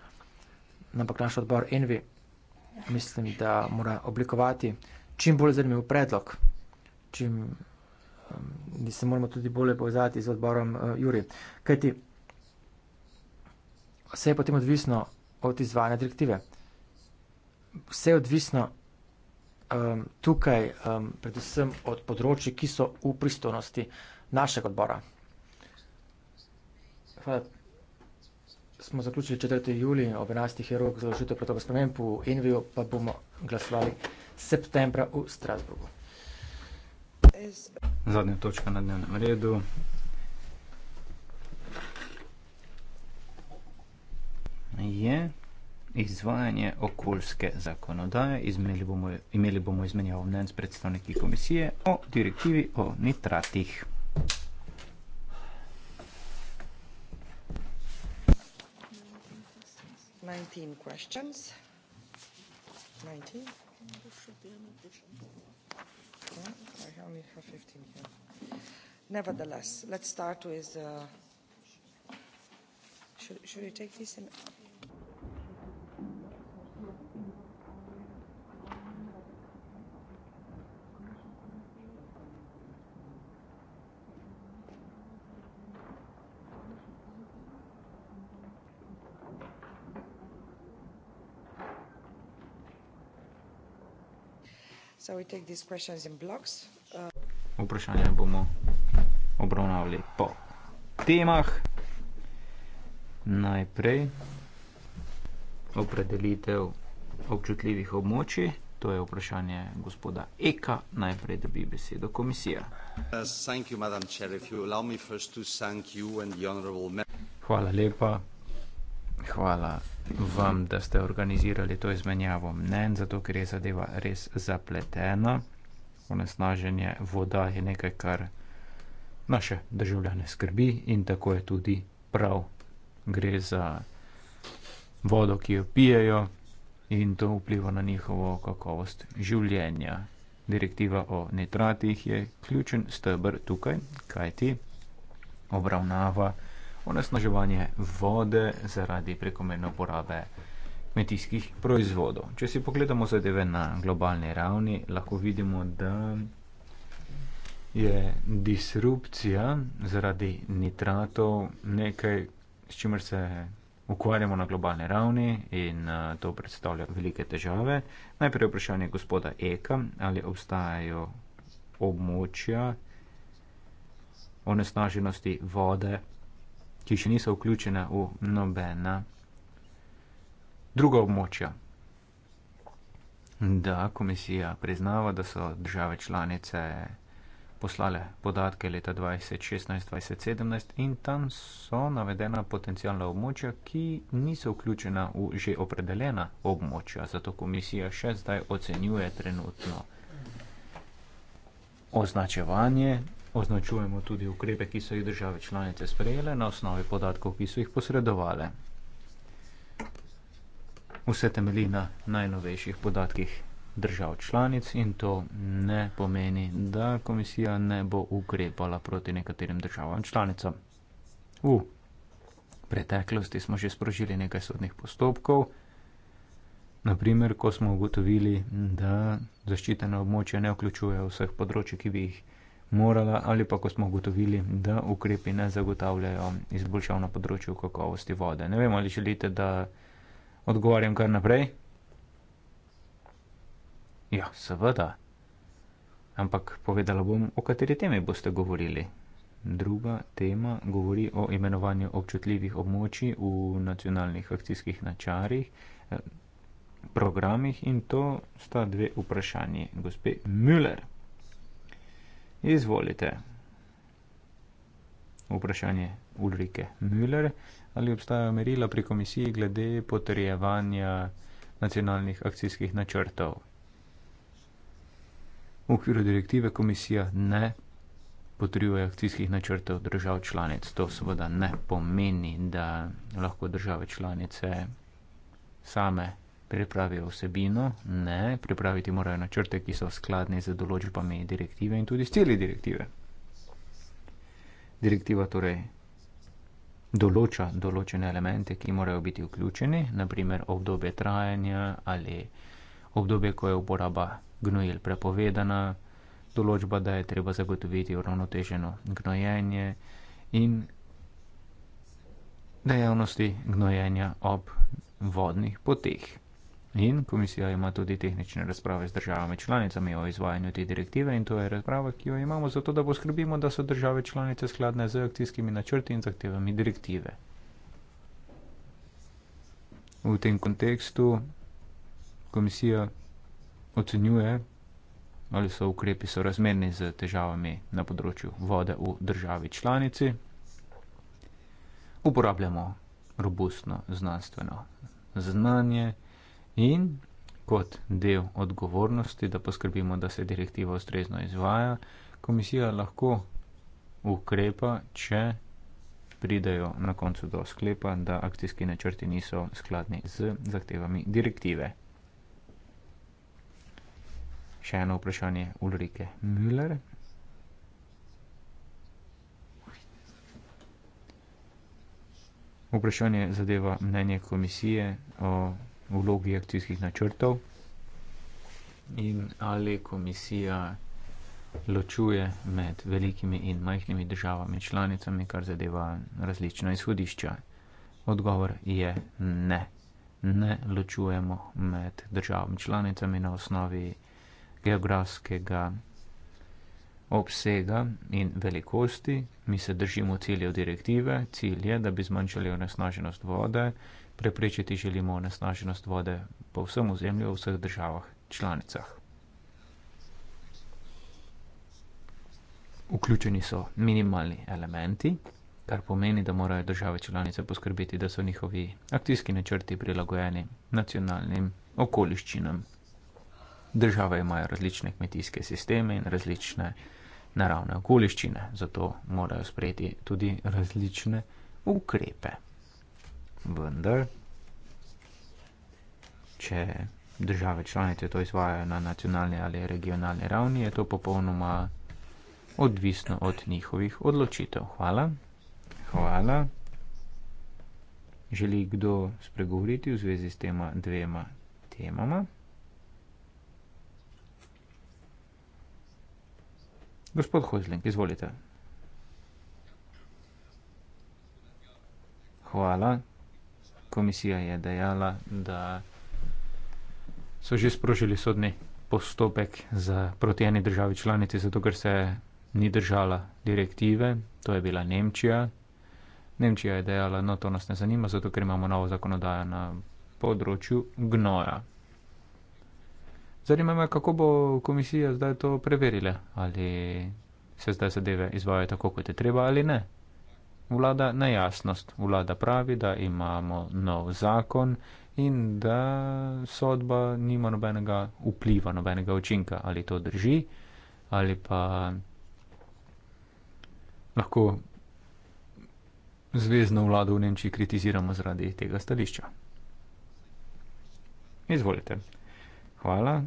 Speaker 3: ampak naš odbor Envi, mislim, da mora oblikovati čim bolj zanimiv predlog, čim, da um, se moramo tudi bolje povezati z odborom uh, Juri. Kajti, vse je potem odvisno od izvajanja direktive vse odvisno um, tukaj, um, predvsem od področji, ki so v pristojnosti našega odbora. Hvala. Smo zaključili 4. juli ob 11. rok za ložitev protoko sprememb v Envijo, pa bomo glasovali septembra v Strasburgu.
Speaker 2: Zadnja točka na dnevnem redu. Je. Yeah izvajanje okoljske zakonodaje. Imeli bomo, imeli bomo izmenjavo mnen s predstavniki komisije o direktivi o nitratih.
Speaker 1: Nevertheless, let's start with. Uh, should, should we take this in?
Speaker 2: Vprašanja bomo obravnavali po temah. Najprej opredelitev občutljivih območij. To je vprašanje gospoda Eka. Najprej dobi besedo komisija.
Speaker 3: Uh,
Speaker 2: Hvala lepa, hvala vam, da ste organizirali to izmenjavo mnen, zato ker je zadeva res zapletena. Onesnaženje voda je nekaj, kar naše državljane skrbi in tako je tudi prav. Gre za vodo, ki jo pijejo in to vpliva na njihovo kakovost življenja. Direktiva o nitratih je ključen stebr tukaj, kajti obravnava onesnaževanje vode zaradi prekomerne uporabe kmetijskih proizvodov. Če si pogledamo zadeve na globalni ravni, lahko vidimo, da je disrupcija zaradi nitratov nekaj, s čimer se ukvarjamo na globalni ravni in eh, to predstavlja velike težave. Najprej vprašanje gospoda Eka, ali obstajajo območja onesnaženosti vode ki še niso vključena v nobena druga območja. Da, komisija priznava, da so države članice poslale podatke leta 2016-2017 in tam so navedena potencijalna območja, ki niso vključena v že opredeljena območja. Zato komisija še zdaj ocenjuje trenutno označevanje označujemo tudi ukrepe, ki so jih države članice sprejele na osnovi podatkov, ki so jih posredovale. Vse temelji na najnovejših podatkih držav članic in to ne pomeni, da komisija ne bo ukrepala proti nekaterim državam članicam. V preteklosti smo že sprožili nekaj sodnih postopkov, naprimer, ko smo ugotovili, da zaščitena območja ne vključuje vseh področji, ki bi jih morala ali pa ko smo ugotovili, da ukrepi ne zagotavljajo izboljšav na področju kakovosti vode. Ne vemo, ali želite, da odgovarjam kar naprej. Ja, seveda. Ampak povedala bom, o kateri temi boste govorili. Druga tema govori o imenovanju občutljivih območij v nacionalnih akcijskih načarih, eh, programih in to sta dve vprašanje, gospe Müller. Izvolite. Vprašanje Ulrike Müller. Ali obstajajo merila pri komisiji glede potrjevanja nacionalnih akcijskih načrtov? V okviru direktive komisija ne potrjuje akcijskih načrtov držav članic. To seveda ne pomeni, da lahko države članice same pripravijo vsebino, ne, pripraviti morajo načrte, ki so skladni z določbami direktive in tudi s cilji direktive. Direktiva torej določa določene elemente, ki morajo biti vključeni, naprimer obdobje trajanja ali obdobje, ko je uporaba gnojil prepovedana, določba, da je treba zagotoviti uravnoteženo gnojenje in dejavnosti gnojenja ob vodnih poteh. In komisija ima tudi tehnične razprave z državami članicami o izvajanju te direktive in to je razprava, ki jo imamo zato, da poskrbimo, da so države članice skladne z akcijskimi načrti in zahtevami direktive. V tem kontekstu komisija ocenjuje, ali so ukrepi sorazmerni z težavami na področju vode v državi članici. Uporabljamo robustno znanstveno znanje. In kot del odgovornosti, da poskrbimo, da se direktiva ustrezno izvaja, komisija lahko ukrepa, če pridajo na koncu do sklepa, da akcijski načrti niso skladni z zahtevami direktive. Še eno vprašanje Ulrike Müller. Vprašanje zadeva mnenje komisije o vlogi akcijskih načrtov in ali komisija ločuje med velikimi in majhnimi državami članicami, kar zadeva različna izhodišča. Odgovor je ne. Ne ločujemo med državami članicami na osnovi geografskega obsega in velikosti. Mi se držimo ciljev direktive. Cilj je, da bi zmanjšali onesnaženost vode. Preprečiti želimo nesnaženost vode po vsem ozemlju v vseh državah članicah. Vključeni so minimalni elementi, kar pomeni, da morajo države članice poskrbeti, da so njihovi akcijski načrti prilagojeni nacionalnim okoliščinam. Države imajo različne kmetijske sisteme in različne naravne okoliščine, zato morajo sprejeti tudi različne ukrepe vendar, če države članice to izvajajo na nacionalni ali regionalni ravni, je to popolnoma odvisno od njihovih odločitev. Hvala. Hvala. Želi kdo spregovoriti v zvezi s tema dvema temama? Gospod Hozlink, izvolite. Hvala komisija je dejala, da so že sprožili sodni postopek za, proti eni državi članici, zato ker se ni držala direktive, to je bila Nemčija. Nemčija je dejala, no to nas ne zanima, zato ker imamo novo zakonodajo na področju gnoja. Zanima me, kako bo komisija zdaj to preverila, ali se zdaj zadeve izvajo tako, kot je treba ali ne vlada nejasnost. Vlada pravi, da imamo nov zakon in da sodba nima nobenega vpliva, nobenega učinka. Ali to drži, ali pa lahko zvezdno vlado v Nemčiji kritiziramo zaradi tega stališča. Izvolite. Hvala.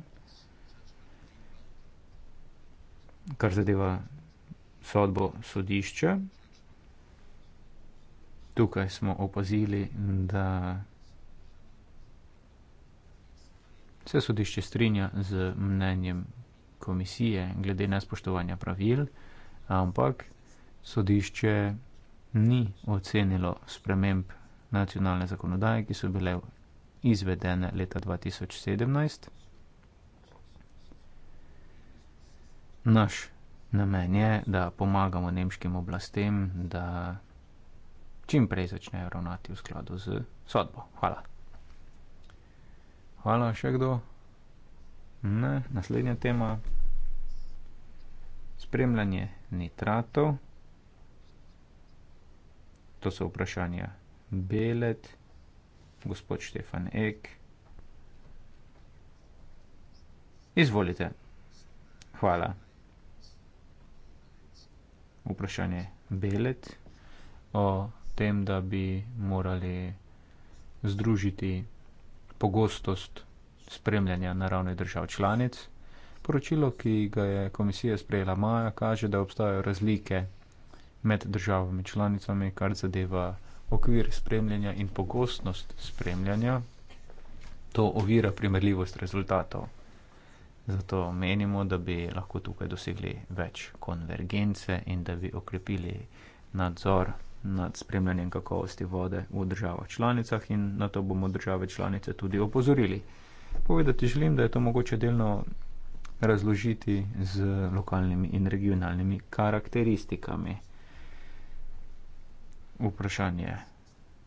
Speaker 2: Kar zadeva sodbo sodišča tukaj smo opazili, da se sodišče strinja z mnenjem komisije glede nespoštovanja pravil, ampak sodišče ni ocenilo sprememb nacionalne zakonodaje, ki so bile izvedene leta 2017. Naš namen je, da pomagamo nemškim oblastem, da čim prej začnejo ravnati v skladu z sodbo. Hvala. Hvala, še kdo? Ne, naslednja tema. Spremljanje nitratov. To so vprašanja Belet, gospod Štefan Ek. Izvolite. Hvala. Vprašanje Belet o tem, da bi morali združiti pogostost spremljanja naravne držav članic. Poročilo, ki ga je komisija sprejela maja, kaže, da obstajajo razlike med državami članicami, kar zadeva okvir spremljanja in pogostnost spremljanja. To ovira primerljivost rezultatov. Zato menimo, da bi lahko tukaj dosegli več konvergence in da bi okrepili nadzor nad spremljanjem kakovosti vode v državah članicah in na to bomo države članice tudi opozorili. Povedati želim, da je to mogoče delno razložiti z lokalnimi in regionalnimi karakteristikami. Vprašanje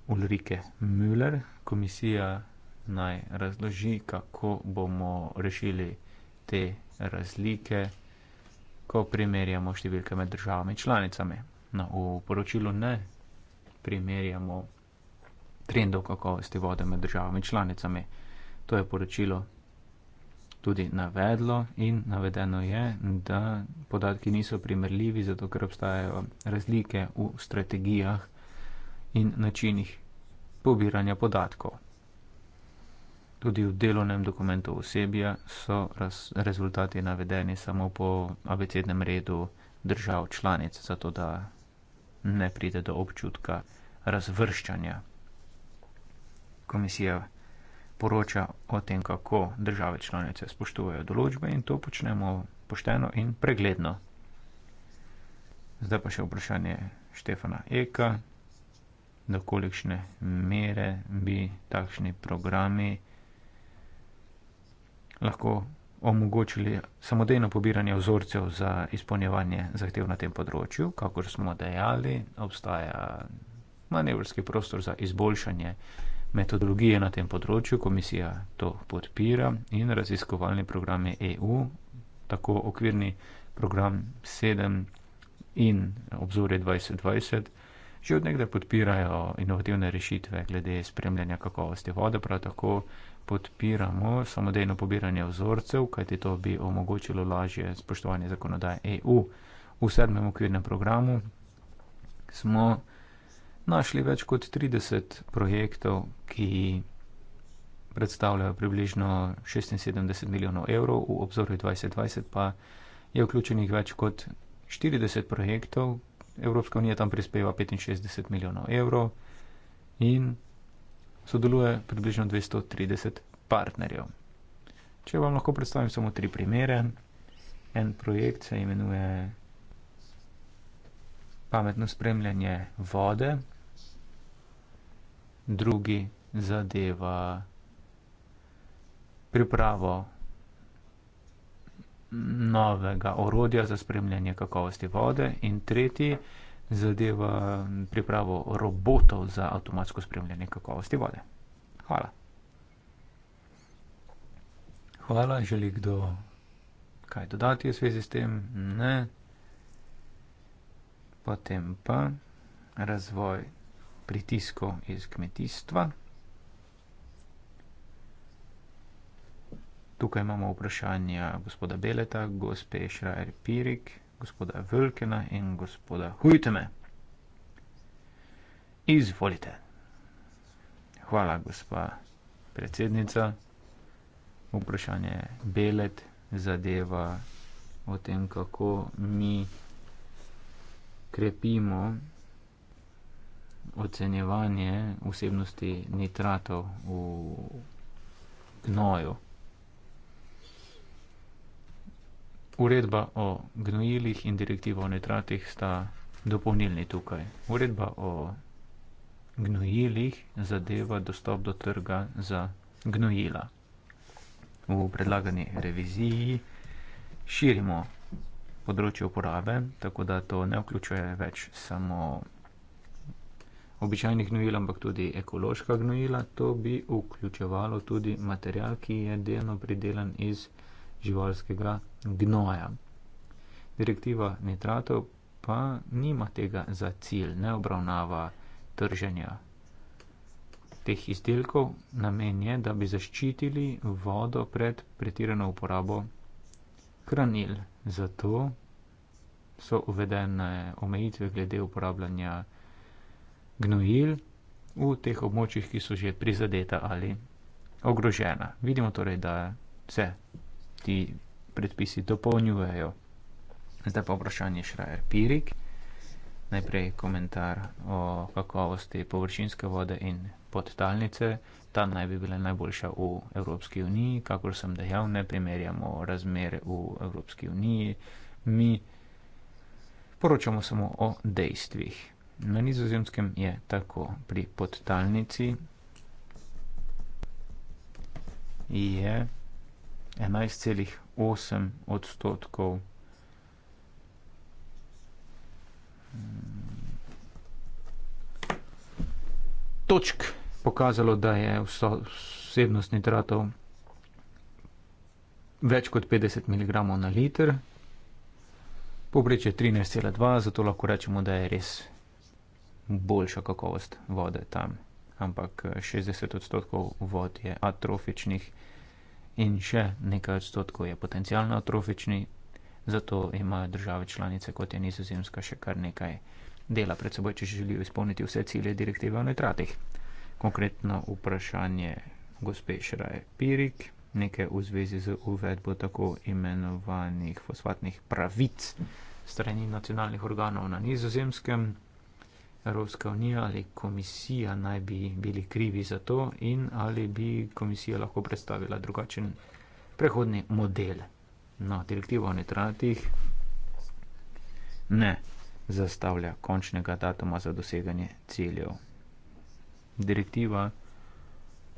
Speaker 2: Ulrike Müller. Komisija naj razloži, kako bomo rešili te razlike, ko primerjamo številke med državami članicami. Na, v poročilu ne primerjamo trendov kakovosti vode med državami članicami. To je poročilo tudi navedlo in navedeno je, da podatki niso primerljivi, zato ker obstajajo razlike v strategijah in načinih pobiranja podatkov. Tudi v delovnem dokumentu osebja so raz, rezultati navedeni samo po abecednem redu držav članic, zato da ne pride do občutka razvrščanja. Komisija poroča o tem, kako države članice spoštujejo določbe in to počnemo pošteno in pregledno. Zdaj pa še vprašanje Štefana Eka, do kolikšne mere bi takšni programi lahko omogočili samodejno pobiranje vzorcev za izpolnjevanje zahtev na tem področju. Kakor smo dejali, obstaja manevrski prostor za izboljšanje metodologije na tem področju, komisija to podpira in raziskovalni programi EU, tako okvirni program 7 in obzore 2020. Že odnegde podpirajo inovativne rešitve glede spremljanja kakovosti vode, prav tako podpiramo samodejno pobiranje vzorcev, kajti to bi omogočilo lažje spoštovanje zakonodaje EU. V sedmem okvirnem programu smo našli več kot 30 projektov, ki predstavljajo približno 76 milijonov evrov, v obzorju 2020 pa je vključenih več kot 40 projektov, Evropska unija tam prispeva 65 milijonov evrov in sodeluje približno 230 partnerjev. Če vam lahko predstavim samo tri primere, en projekt se imenuje pametno spremljanje vode, drugi zadeva pripravo novega orodja za spremljanje kakovosti vode in tretji zadeva pripravo robotov za avtomatsko spremljanje kakovosti vode. Hvala. Hvala, želi kdo kaj dodati v zvezi s tem? Ne. Potem pa razvoj pritisko iz kmetijstva. Tukaj imamo vprašanja gospoda Beleta, gospe Šrajer Pirik gospoda Vulkena in gospoda Hujteme. Izvolite. Hvala, gospa predsednica. Vprašanje Belet zadeva o tem, kako mi krepimo ocenjevanje vsebnosti nitratov v gnoju. uredba o gnojilih in direktiva o nitratih sta dopolnilni tukaj. Uredba o gnojilih zadeva dostop do trga za gnojila. V predlagani reviziji širimo področje uporabe, tako da to ne vključuje več samo običajnih gnojil, ampak tudi ekološka gnojila. To bi vključevalo tudi material, ki je delno pridelan iz gnojila živalskega gnoja. Direktiva nitratov pa nima tega za cilj, ne obravnava trženja teh izdelkov, namen je, da bi zaščitili vodo pred pretirano uporabo hranil. Zato so uvedene omejitve glede uporabljanja gnojil v teh območjih, ki so že prizadeta ali ogrožena. Vidimo torej, da se ti predpisi dopolnjujejo. Zdaj pa vprašanje Šrajer Pirik. Najprej komentar o kakovosti površinske vode in podtalnice. Ta naj bi bila najboljša v Evropski uniji, kakor sem dejal, ne primerjamo razmere v Evropski uniji. Mi poročamo samo o dejstvih. Na nizozemskem je tako pri podtalnici. Je 11,8 odstotkov. Točk pokazalo, da je vsebnost nitratov več kot 50 mg na liter, povprečje 13,2, zato lahko rečemo, da je res boljša kakovost vode tam, ampak 60 eh, odstotkov vod je atrofičnih in še nekaj odstotkov je potencialno atrofični, zato imajo države članice, kot je nizozemska, še kar nekaj dela pred seboj, če želijo izpolniti vse cilje direktive o nitratih. Konkretno vprašanje gospe Šraje Pirik, nekaj v zvezi z uvedbo tako imenovanih fosfatnih pravic strani nacionalnih organov na nizozemskem. Evropska unija ali komisija naj bi bili krivi za to in ali bi komisija lahko predstavila drugačen prehodni model. No, direktiva o nitratih ne zastavlja končnega datuma za doseganje ciljev. Direktiva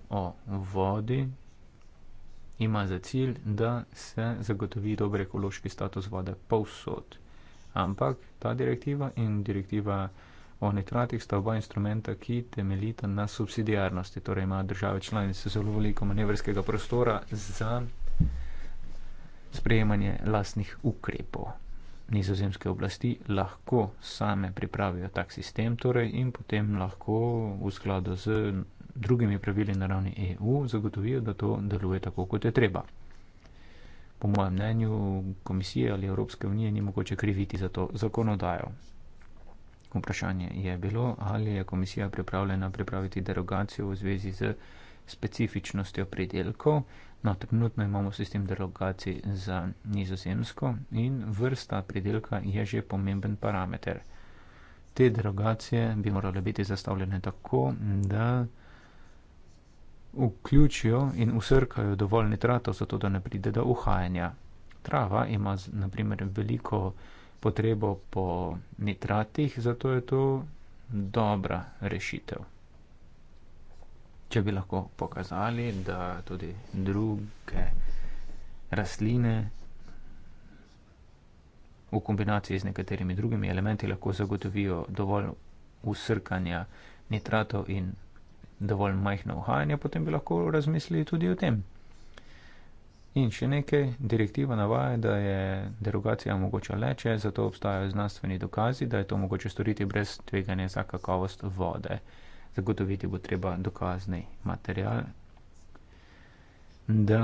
Speaker 2: o vodi ima za cilj, da se zagotovi dober ekološki status vode povsod. Ampak ta direktiva in direktiva O nitratih sta oba instrumenta, ki temeljita na subsidijarnosti, torej imajo države članice zelo veliko manevrskega prostora za sprejemanje lastnih ukrepov. Nizozemske oblasti lahko same pripravijo tak sistem torej, in potem lahko v skladu z drugimi pravili na ravni EU zagotovijo, da to deluje tako, kot je treba. Po mojem mnenju komisije ali Evropske unije ni mogoče kriviti za to zakonodajo. Vprašanje je bilo, ali je komisija pripravljena pripraviti derogacijo v zvezi z specifičnostjo pridelkov. No, trenutno imamo sistem derogacij za nizozemsko in vrsta pridelka je že pomemben parameter. Te derogacije bi morale biti zastavljene tako, da vključijo in usrkajo dovolj nitratov, zato da ne pride do uhajanja. Trava ima naprimer veliko potrebo po nitratih, zato je to dobra rešitev. Če bi lahko pokazali, da tudi druge rastline v kombinaciji z nekaterimi drugimi elementi lahko zagotovijo dovolj usrkanja nitratov in dovolj majhno uhajanje, potem bi lahko razmislili tudi o tem. In še nekaj, direktiva navaja, da je derogacija mogoče le, če zato obstajajo znanstveni dokazi, da je to mogoče storiti brez tveganja za kakovost vode. Zagotoviti bo treba dokazni material, da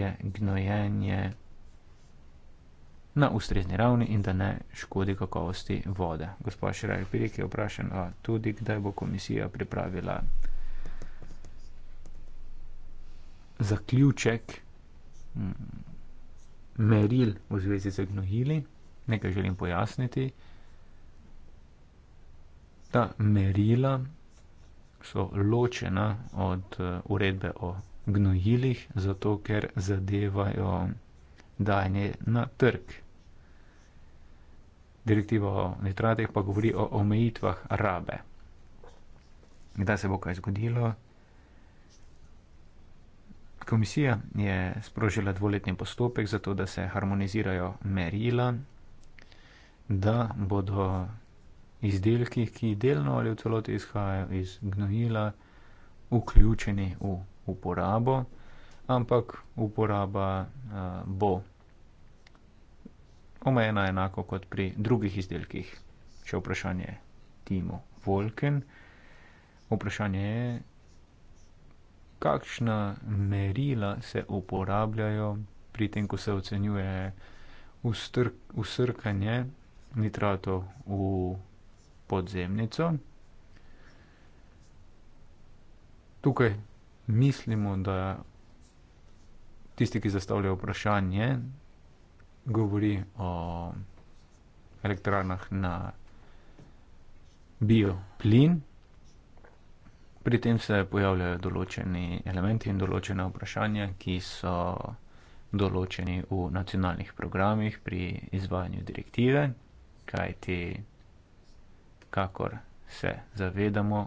Speaker 2: je gnojenje na ustrezni ravni in da ne škodi kakovosti vode. Gospod Širaj Pirik je vprašan tudi, kdaj bo komisija pripravila zaključek. Mm. meril v zvezi z gnojili, nekaj želim pojasniti. Ta merila so ločena od eh, uredbe o gnojilih, zato ker zadevajo dajanje na trg. Direktiva o nitratih pa govori o omejitvah rabe. Kdaj se bo kaj zgodilo, komisija je sprožila dvoletni postopek za to, da se harmonizirajo merila, da bodo izdelki, ki delno ali v celoti izhajajo iz gnojila, vključeni v uporabo, ampak uporaba uh, bo omejena enako kot pri drugih izdelkih. Še vprašanje Timo Volken. Vprašanje je, kakšna merila se uporabljajo pri tem, ko se ocenjuje ustr usrkanje nitratov v podzemnico. Tukaj mislimo, da tisti, ki zastavlja vprašanje, govori o elektrarnah na bioplin. Pri tem se pojavljajo določeni elementi in določena vprašanja, ki so določeni v nacionalnih programih pri izvajanju direktive, kajti, kakor se zavedamo,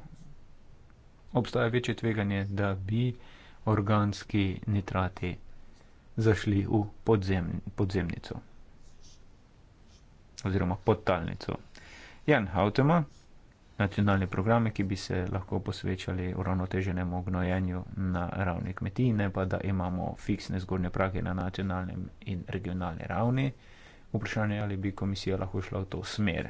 Speaker 2: obstaja večje tveganje, da bi organski nitrati zašli v podzem, podzemnico oziroma podtalnico. Jan Hautema nacionalne programe, ki bi se lahko posvečali uravnoteženemu gnojenju na ravni kmetijine, pa da imamo fiksne zgornje prage na nacionalnem in regionalni ravni. Vprašanje je, ali bi komisija lahko šla v to smer.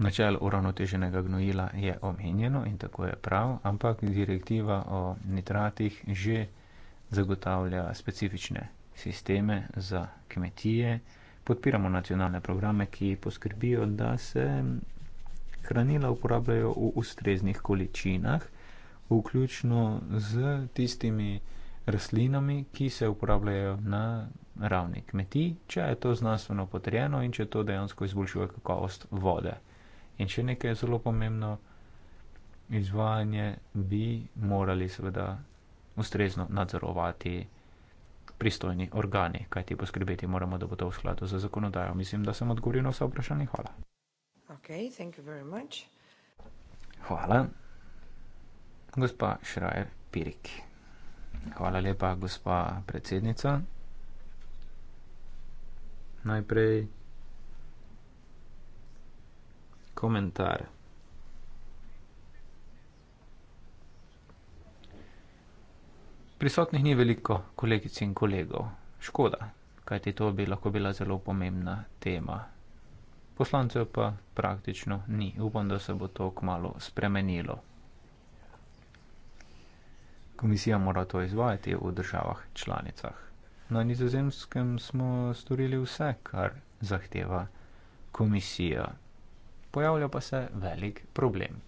Speaker 2: Načel uravnoteženega gnojila je omenjeno in tako je prav, ampak direktiva o nitratih že zagotavlja specifične sisteme za kmetije podpiramo nacionalne programe, ki poskrbijo, da se hranila uporabljajo v ustreznih količinah, vključno z tistimi rastlinami, ki se uporabljajo na ravni kmetij, če je to znanstveno potrjeno in če to dejansko izboljšuje kakovost vode. In še nekaj je zelo pomembno, izvajanje bi morali seveda ustrezno nadzorovati pristojni organi, kaj ti poskrbeti moramo, da bo to v skladu z zakonodajo. Mislim, da sem odgovoril na vse vprašanje. Hvala.
Speaker 1: Okay,
Speaker 2: hvala. Gospa Šrajer Pirik. Hvala lepa, gospa predsednica. Najprej komentar. Prisotnih ni veliko kolegic in kolegov. Škoda, kajti to bi lahko bila zelo pomembna tema. Poslancev pa praktično ni. Upam, da se bo to kmalo spremenilo. Komisija mora to izvajati v državah članicah. Na nizozemskem smo storili vse, kar zahteva komisija. Pojavlja pa se velik problem.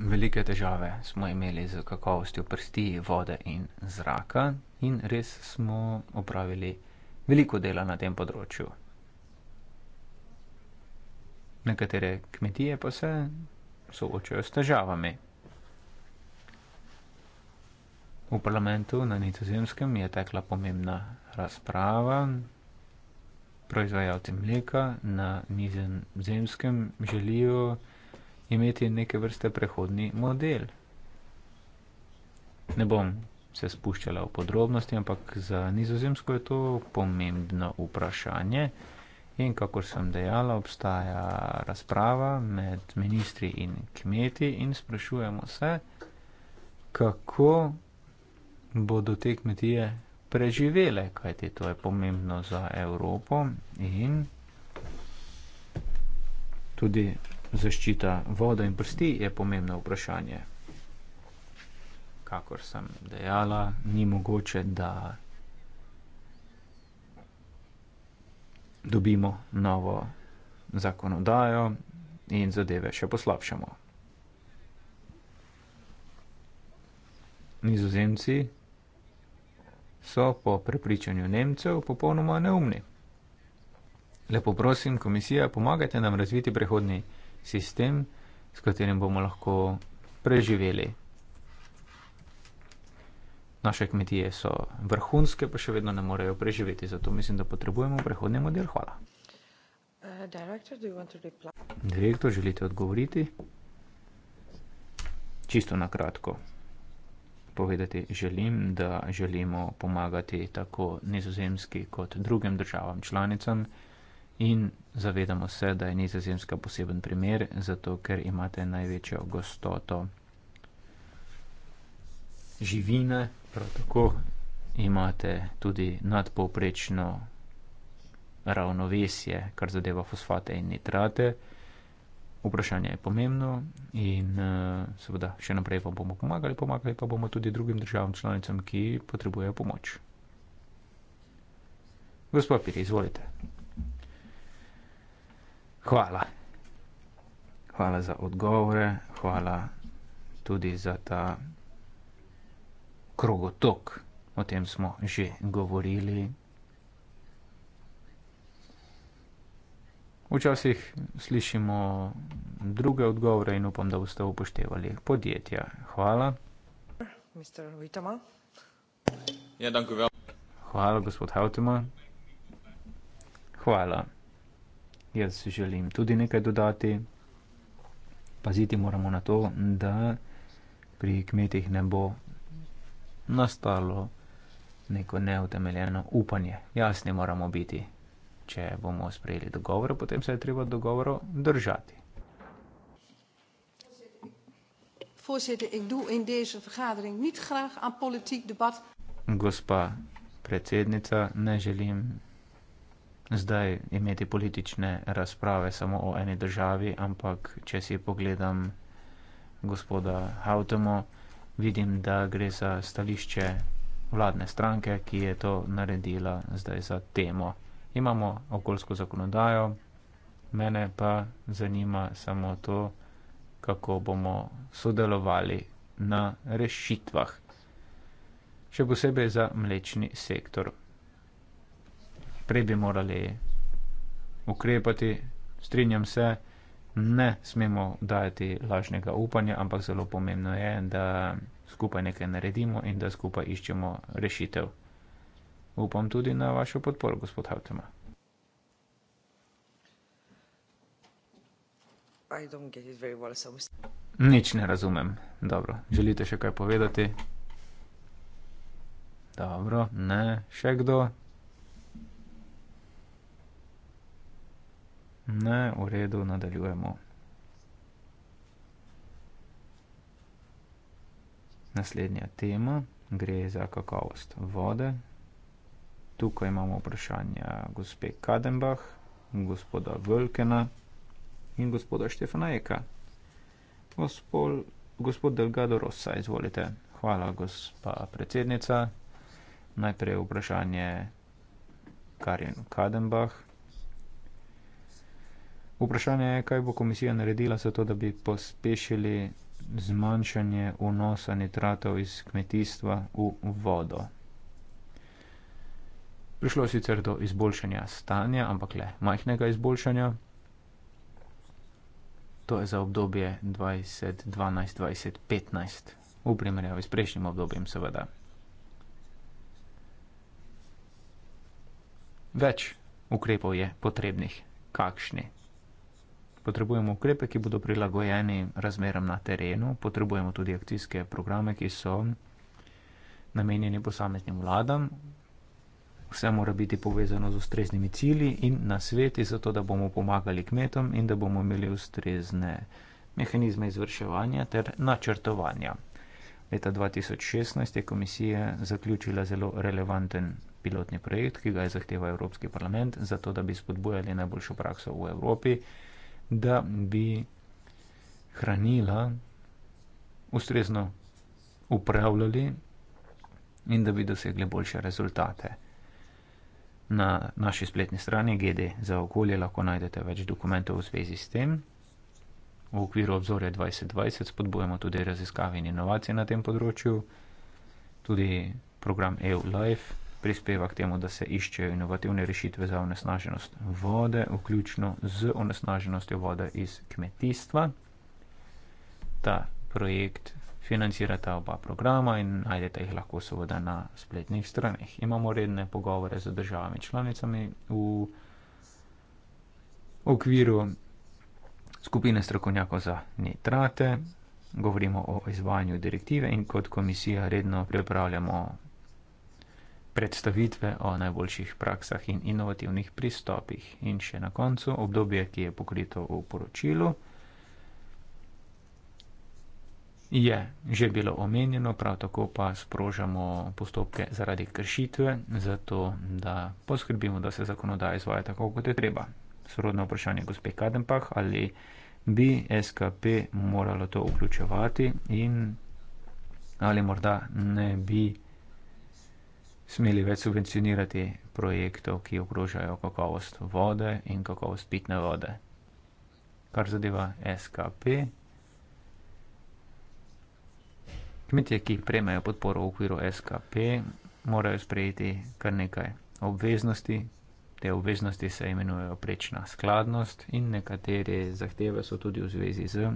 Speaker 2: Velike težave smo imeli z kakovostjo prsti, vode in zraka, in res smo opravili veliko dela na tem področju. Nekatere kmetije pa se soočajo s težavami. V parlamentu na Nizozemskem je tekla pomembna razprava. Proizvajalci mleka na Nizozemskem želijo imeti neke vrste prehodni model. Ne bom se spuščala v podrobnosti, ampak za nizozemsko je to pomembno vprašanje. In kakor sem dejala, obstaja razprava med ministri in kmeti in sprašujemo se, kako bodo te kmetije preživele, kajti to je pomembno za Evropo in tudi zaščita vode in prsti je pomembno vprašanje. Kakor sem dejala, ni mogoče, da dobimo novo zakonodajo in zadeve še poslabšamo. Nizozemci so po prepričanju Nemcev popolnoma neumni. Lepo prosim, komisija, pomagajte nam razviti prihodnji sistem, s katerim bomo lahko preživeli. Naše kmetije so vrhunske, pa še vedno ne morejo preživeti, zato mislim, da potrebujemo prehodni model. Hvala.
Speaker 1: Uh,
Speaker 2: Direktor, želite odgovoriti? Čisto na kratko. Povedati želim, da želimo pomagati tako nizozemski kot drugim državam članicam in zavedamo se, da je nizozemska poseben primer, zato ker imate največjo gostoto živine, prav tako imate tudi nadpovprečno ravnovesje, kar zadeva fosfate in nitrate. Vprašanje je pomembno in eh, seveda še naprej vam bomo pomagali, pomagali pa bomo tudi drugim državam članicam, ki potrebujejo pomoč. Gospod Pirje, izvolite. Hvala. Hvala za odgovore, hvala tudi za ta krogotok, o tem smo že govorili. Včasih slišimo druge odgovore in upam, da boste upoštevali podjetja. Hvala. Ja, hvala, gospod Hautema. Hvala. Jaz želim tudi nekaj dodati. Paziti moramo na to, da pri kmetih ne bo nastalo neko neutemeljeno upanje. Jasni moramo biti, če bomo sprejeli dogovor, potem se je treba dogovoru držati. Gospa predsednica, ne želim zdaj imeti politične razprave samo o eni državi, ampak če si pogledam gospoda Hautemo, vidim, da gre za stališče vladne stranke, ki je to naredila zdaj za temo. Imamo okoljsko zakonodajo, mene pa zanima samo to, kako bomo sodelovali na rešitvah. Še posebej za mlečni sektor prej bi morali ukrepati, strinjam se, ne smemo dajati lažnega upanja, ampak zelo pomembno je, da skupaj nekaj naredimo in da skupaj iščemo rešitev. Upam tudi na vašo podporo, gospod Hautema.
Speaker 1: Well, so...
Speaker 2: Nič ne razumem. Dobro, želite še kaj povedati? Dobro, ne, še kdo, Ne, v redu, nadaljujemo. Naslednja tema gre za kakovost vode. Tukaj imamo vprašanja gospe Kadenbach, gospoda Völkena in gospoda Štefana Eka. Gospol, gospod Delgado Rosa, izvolite. Hvala, gospa predsednica. Najprej vprašanje Karin Kadenbach. Vprašanje je, kaj bo komisija naredila za to, da bi pospešili zmanjšanje vnosa nitratov iz kmetijstva v vodo. Prišlo je sicer do izboljšanja stanja, ampak le majhnega izboljšanja. To je za obdobje 2012-2015, v primerjavi s prejšnjim obdobjem, seveda. Več ukrepov je potrebnih, kakšni potrebujemo ukrepe, ki bodo prilagojeni razmeram na terenu, potrebujemo tudi akcijske programe, ki so namenjeni posameznim vladam. Vse mora biti povezano z ustreznimi cilji in na sveti, zato da bomo pomagali kmetom in da bomo imeli ustrezne mehanizme izvrševanja ter načrtovanja. Leta 2016 je komisija zaključila zelo relevanten pilotni projekt, ki ga je zahteval Evropski parlament, zato da bi spodbujali najboljšo prakso v Evropi da bi hranila ustrezno upravljali in da bi dosegli boljše rezultate. Na naši spletni strani GD za okolje lahko najdete več dokumentov v zvezi s tem. V okviru obzorja 2020 spodbujamo tudi raziskave in inovacije na tem področju, tudi program EU Life prispeva k temu, da se iščejo inovativne rešitve za onesnaženost vode, vključno z onesnaženostjo vode iz kmetijstva. Ta projekt financira ta oba programa in najdete jih lahko seveda na spletnih straneh. Imamo redne pogovore z državami članicami v okviru skupine strokovnjakov za nitrate. Govorimo o izvajanju direktive in kot komisija redno pripravljamo predstavitve o najboljših praksah in inovativnih pristopih. In še na koncu obdobje, ki je pokrito v poročilu, je že bilo omenjeno, prav tako pa sprožamo postopke zaradi kršitve, zato da poskrbimo, da se zakonodaja izvaja tako, kot je treba. Sorodno vprašanje gospe Kadenpah, ali bi SKP moralo to vključevati in ali morda ne bi smeli več subvencionirati projektov, ki ogrožajo kakovost vode in kakovost pitne vode. Kar zadeva SKP, kmetje, ki prejmejo podporo v okviru SKP, morajo sprejeti kar nekaj obveznosti. Te obveznosti se imenujejo prečna skladnost in nekatere zahteve so tudi v zvezi z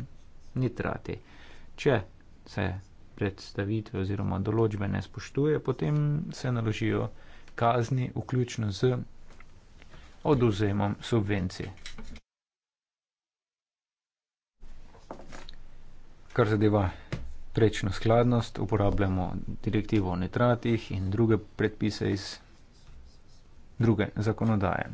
Speaker 2: nitrati. Če se predstavitve oziroma določbe ne spoštuje, potem se naložijo kazni, vključno z oduzemom subvencije. Kar zadeva prečno skladnost, uporabljamo direktivo o nitratih in druge predpise iz druge zakonodaje.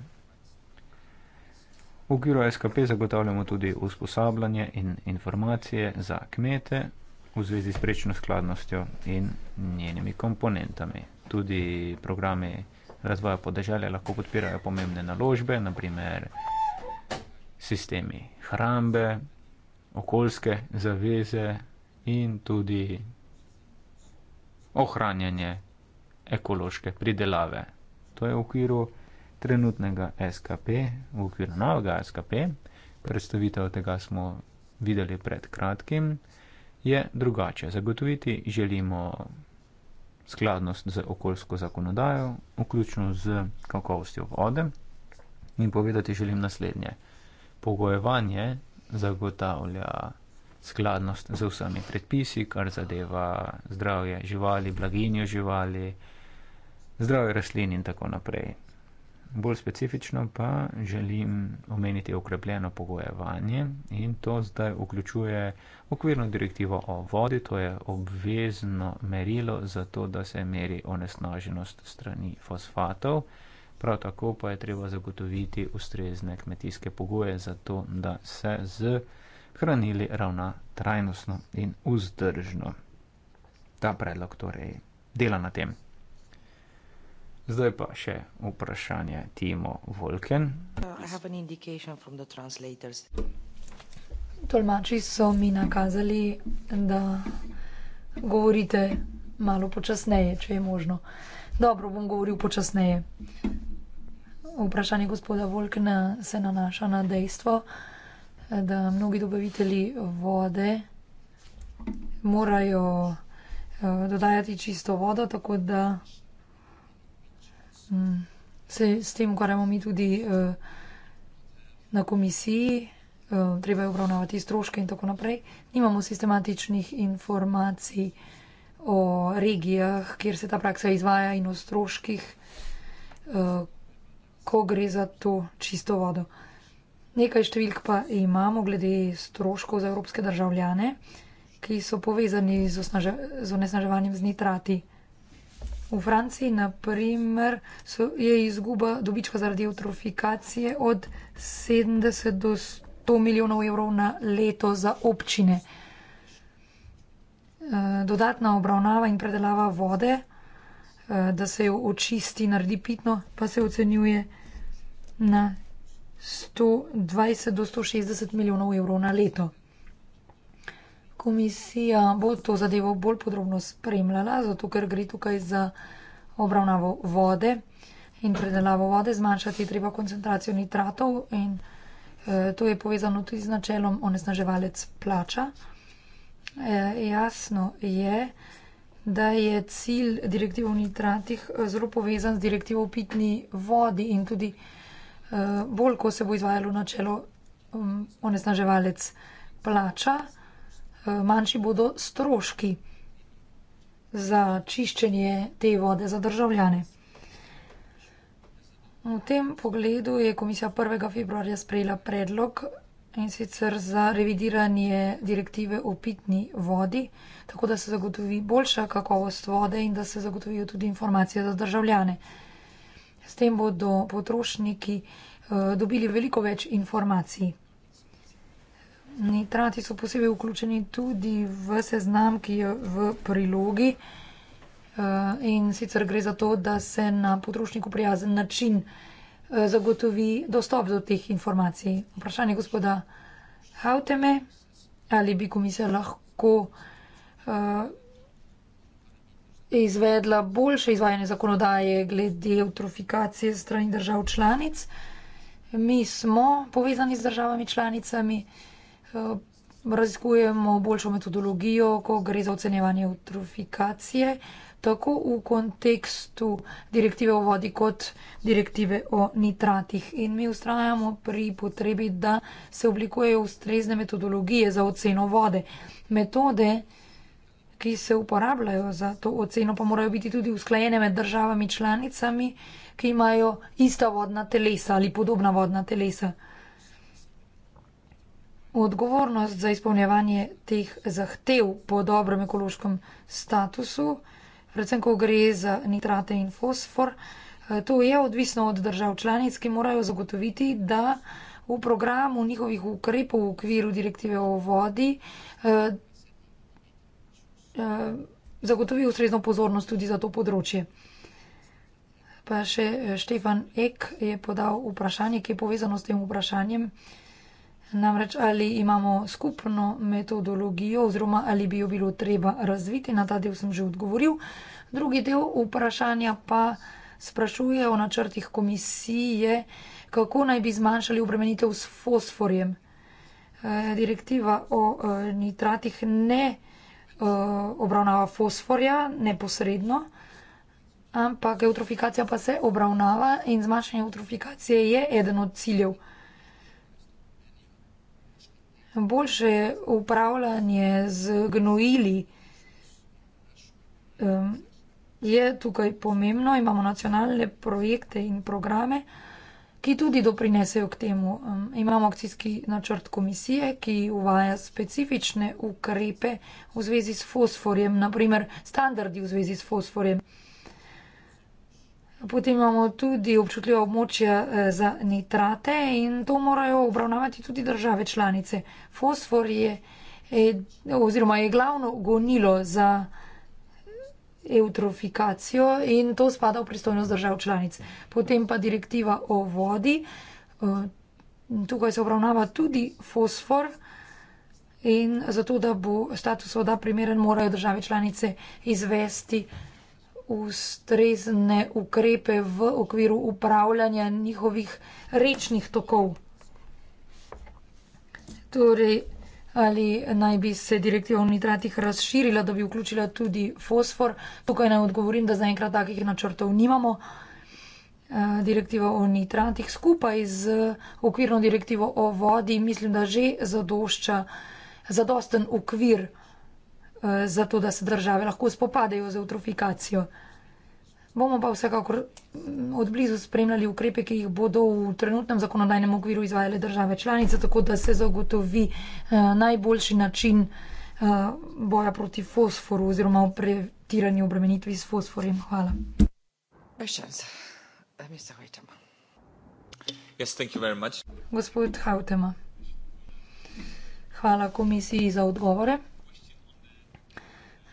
Speaker 2: V okviru SKP zagotavljamo tudi usposabljanje in informacije za kmete, v zvezi s prečno skladnostjo in njenimi komponentami. Tudi programi razvoja podeželja lahko podpirajo pomembne naložbe, naprimer sistemi hrambe, okoljske zaveze in tudi ohranjanje ekološke pridelave. To je v okviru trenutnega SKP, v okviru novega SKP. Predstavitev tega smo videli pred kratkim je drugače. Zagotoviti želimo skladnost z okoljsko zakonodajo, vključno z kakovostjo vode in povedati želim naslednje. Pogojevanje zagotavlja skladnost z vsemi predpisi, kar zadeva zdravje živali, blaginjo živali, zdravje rastlin in tako naprej bolj specifično pa želim omeniti okrepljeno pogojevanje in to zdaj vključuje okvirno direktivo o vodi, to je obvezno merilo za to, da se meri onesnaženost strani fosfatov. Prav tako pa je treba zagotoviti ustrezne kmetijske pogoje za to, da se z hranili ravna trajnostno in vzdržno. Ta predlog torej dela na tem. Zdaj pa še vprašanje Timo Volken.
Speaker 1: Uh, Tolmači so mi nakazali, da govorite malo počasneje, če je možno. Dobro, bom govoril počasneje. Vprašanje gospoda Volkna se nanaša na dejstvo, da mnogi dobavitelji vode morajo eh, dodajati čisto vodo, tako da Mm. Se, s tem ukvarjamo mi tudi uh, na komisiji, uh, treba je obravnavati stroške in tako naprej. Nimamo sistematičnih informacij o regijah, kjer se ta praksa izvaja in o stroških, uh, ko gre za to čisto vodo. Nekaj številk pa imamo glede stroškov za evropske državljane, ki so povezani z, osnaže, z onesnaževanjem z nitrati. Uh, V Franciji, na primer, je izguba dobička zaradi eutrofikacije od 70 do 100 milijonov evrov na leto za občine. Eh, dodatna obravnava in predelava vode, eh, da se jo očisti, naredi pitno, pa se ocenjuje na 120 do 160 milijonov evrov na leto komisija bo to zadevo bolj podrobno spremljala, zato ker gre tukaj za obravnavo vode in predelavo vode, zmanjšati je treba koncentracijo nitratov in e, to je povezano tudi z načelom onesnaževalec plača. E, jasno je, da je cilj direktiv o nitratih eh, zelo povezan z direktiv o pitni vodi in tudi e, bolj, ko se bo izvajalo načelo um, onesnaževalec plača. Eh, manjši bodo stroški za čiščenje te vode za državljane. V tem pogledu je komisija 1. februarja sprejela predlog in sicer za revidiranje direktive o pitni vodi, tako da se zagotovi boljša kakovost vode in da se zagotovijo tudi informacije za državljane. S tem bodo potrošniki eh, dobili veliko več informacij. Nitrati so posebej vključeni tudi v seznam, ki je v prilogi. Eh, in sicer gre za to, da se na potrošniku prijazen način eh, zagotovi dostop do teh informacij. Vprašanje gospoda Hauteme, ali bi komisija lahko eh, izvedla boljše izvajanje zakonodaje glede eutrofikacije strani držav članic. Mi smo povezani z državami članicami. Eh, raziskujemo boljšo metodologijo, ko gre za ocenjevanje eutrofikacije, tako v kontekstu direktive o vodi kot direktive o nitratih. In mi ustrajamo pri potrebi, da se oblikujejo ustrezne metodologije za oceno vode. Metode, ki se uporabljajo za to oceno, pa morajo biti tudi usklajene med državami članicami, ki imajo ista vodna telesa ali podobna vodna telesa odgovornost za izpolnjevanje teh zahtev po dobrem ekološkem statusu, predvsem, ko gre za nitrate in fosfor. Eh, to je odvisno od držav članic, ki morajo zagotoviti, da v programu njihovih ukrepov v okviru direktive o vodi eh, eh, zagotovi ustrezno pozornost tudi za to področje. Pa še Štefan Ek je podal vprašanje, ki je povezano s tem vprašanjem. Namreč, ali imamo skupno metodologijo oziroma ali bi jo bilo treba razviti, na ta del sem že odgovoril. Drugi del vprašanja pa sprašuje o načrtih komisije, kako naj bi zmanjšali obremenitev s fosforjem. Eh, direktiva o eh, nitratih ne eh, obravnava fosforja neposredno, ampak eutrofikacija pa se obravnava in zmanjšanje eutrofikacije je eden od ciljev boljše upravljanje z gnojili um, je tukaj pomembno. Imamo nacionalne projekte in programe, ki tudi doprinesejo k temu. Um, imamo akcijski načrt komisije, ki uvaja specifične ukrepe v zvezi s fosforjem, naprimer standardi v zvezi s fosforjem. Potem imamo tudi občutljiva območja eh, za nitrate in to morajo obravnavati tudi države članice. Fosfor je, e, oziroma je glavno gonilo za eutrofikacijo in to spada v pristojnost držav članic. Potem pa direktiva o vodi, e, tukaj se obravnava tudi fosfor in zato, da bo status voda primeren, morajo države članice izvesti vodi ustrezne ukrepe v okviru upravljanja njihovih rečnih tokov. Torej, ali naj bi se direktiva o nitratih razširila, da bi vključila tudi fosfor. Tukaj naj odgovorim, da zaenkrat takih načrtov nimamo. Eh, direktiva o nitratih skupaj z okvirno direktivo o vodi mislim, da že zadošča zadosten ukvir. Eh, zato da se države lahko spopadajo z eutrofikacijo. Bomo pa vsekakor mm, odblizu spremljali ukrepe, ki jih bodo v trenutnem zakonodajnem okviru izvajale države članice, tako da se zagotovi eh, najboljši način eh, boja proti fosforu oziroma pretiranju obremenitvi s fosforjem. Hvala. Yes, Gospod Hautema, hvala komisiji za odgovore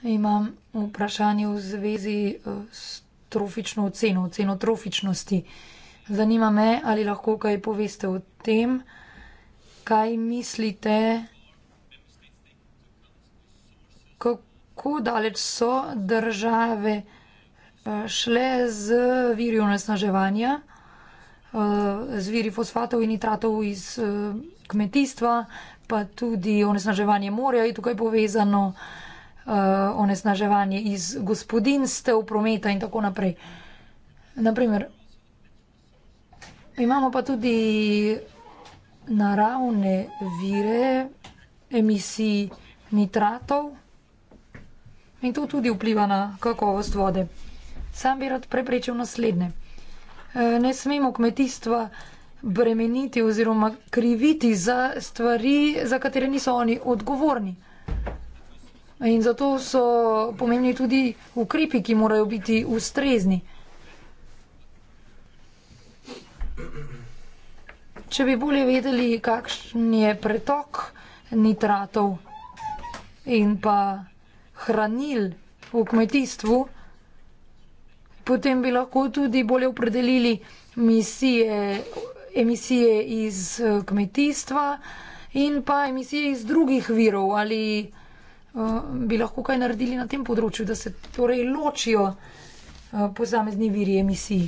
Speaker 1: imam vprašanje v zvezi eh, s trofično oceno, oceno trofičnosti. Zanima me, ali lahko kaj poveste o tem, kaj mislite, kako daleč so države eh, šle z virjo nasnaževanja, eh, z viri fosfatov in nitratov iz kmetijstva, pa tudi onesnaževanje morja je tukaj povezano uh, onesnaževanje iz gospodinstev, prometa in tako naprej. Naprimer, imamo pa tudi naravne vire emisij nitratov in to tudi vpliva na kakovost vode. Sam bi rad preprečil naslednje. Eh, ne smemo kmetijstva bremeniti oziroma kriviti za stvari, za katere niso oni odgovorni. In zato so pomembni tudi ukrepi, ki morajo biti ustrezni. Če bi bolje vedeli, kakšen je pretok nitratov in pa hranil v kmetijstvu, potem bi lahko tudi bolje opredelili misije, emisije iz eh, kmetijstva in pa emisije iz drugih virov ali kmetijstva. Eh, bi lahko kaj naredili na tem področju, da se torej ločijo eh, posamezni viri emisij.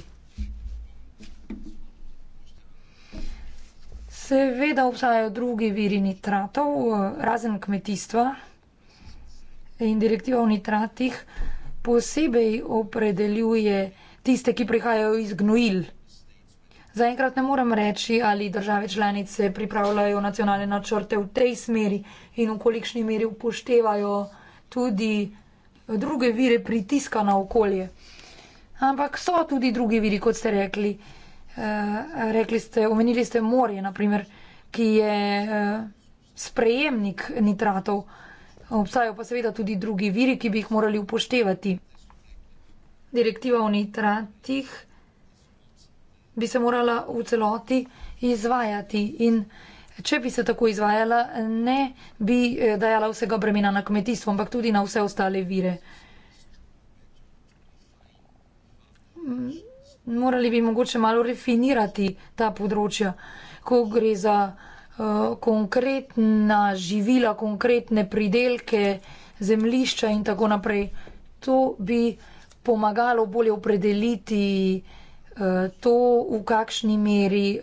Speaker 1: Seveda obstajajo drugi viri nitratov, eh, razen kmetijstva in direktiva o nitratih posebej opredeljuje tiste, ki prihajajo iz gnojil. Zaenkrat ne morem reči, ali države članice pripravljajo nacionalne načrte v tej smeri in v kolikšni meri upoštevajo tudi druge vire pritiska na okolje. Ampak so tudi drugi viri, kot ste rekli. E, rekli ste, omenili ste morje, naprimer, ki je e, sprejemnik nitratov. Obstajajo pa seveda tudi drugi viri, ki bi jih morali upoštevati. Direktiva o nitratih 2014-2020 bi se morala v celoti izvajati. In če bi se tako izvajala, ne bi eh, dajala vsega bremena na kmetijstvo, ampak tudi na vse ostale vire. Mm, morali bi mogoče malo refinirati ta področja, ko gre za uh, konkretna živila, konkretne pridelke, zemlišča in tako naprej. To bi pomagalo bolje opredeliti uh, to, v kakšni meri eh,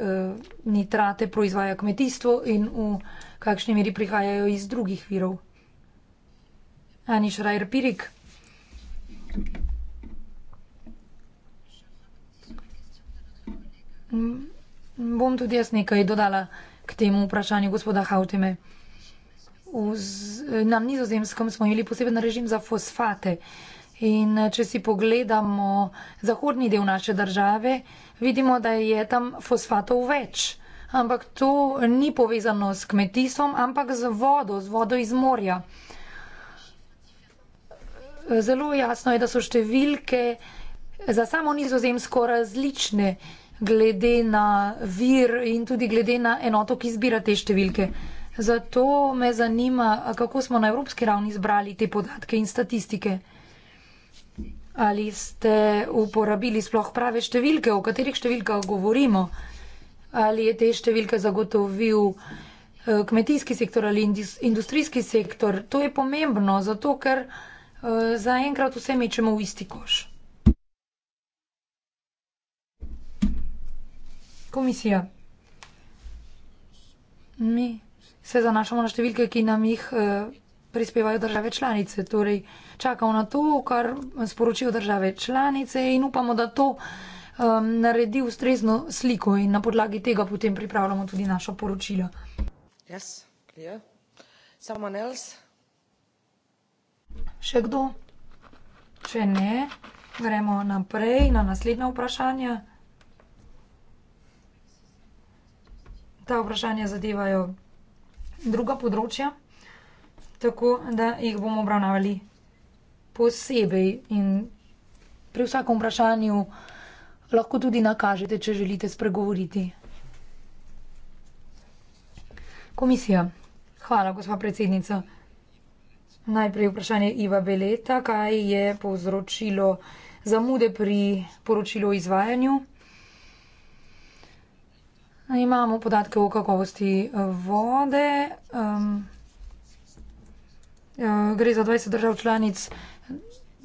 Speaker 1: nitrate proizvaja kmetijstvo in v kakšni meri prihajajo iz drugih virov. Aniš Rajer Pirik. Mm, bom tudi jaz nekaj dodala k temu vprašanju gospoda Hauteme. Na nizozemskem smo imeli poseben režim za fosfate. In eh, če si pogledamo zahodni del naše države, vidimo, da je tam fosfatov več. Ampak to ni povezano s kmetijstvom, ampak z vodo, z vodo iz morja. Zelo jasno je, da so številke za samo nizozemsko različne glede na vir in tudi glede na enoto, ki zbira te številke. Zato me zanima, kako smo na evropski ravni zbrali te podatke in statistike. Ali ste uporabili sploh prave številke, o katerih številkah govorimo? Ali je te številke zagotovil eh, kmetijski sektor ali industrijski sektor? To je pomembno, zato ker eh, zaenkrat vse mečemo v isti koš. Komisija. Mi se zanašamo na številke, ki nam jih eh, prispevajo države članice. Torej, čakamo na to, kar sporočijo države članice in upamo, da to um, naredi ustrezno sliko in na podlagi tega potem pripravljamo tudi naša poročila. Yes, Someone else? Še kdo? Če ne, gremo naprej na naslednja vprašanja. Ta vprašanja zadevajo druga področja tako da jih bomo obravnavali posebej. In pri vsakem vprašanju lahko tudi nakažete, če želite spregovoriti. Komisija. Hvala, gospa predsednica. Najprej vprašanje Iva Beleta. Kaj je povzročilo zamude pri poročilu o izvajanju? Imamo podatke o kakovosti vode. Um, Eh, gre za 20 držav članic,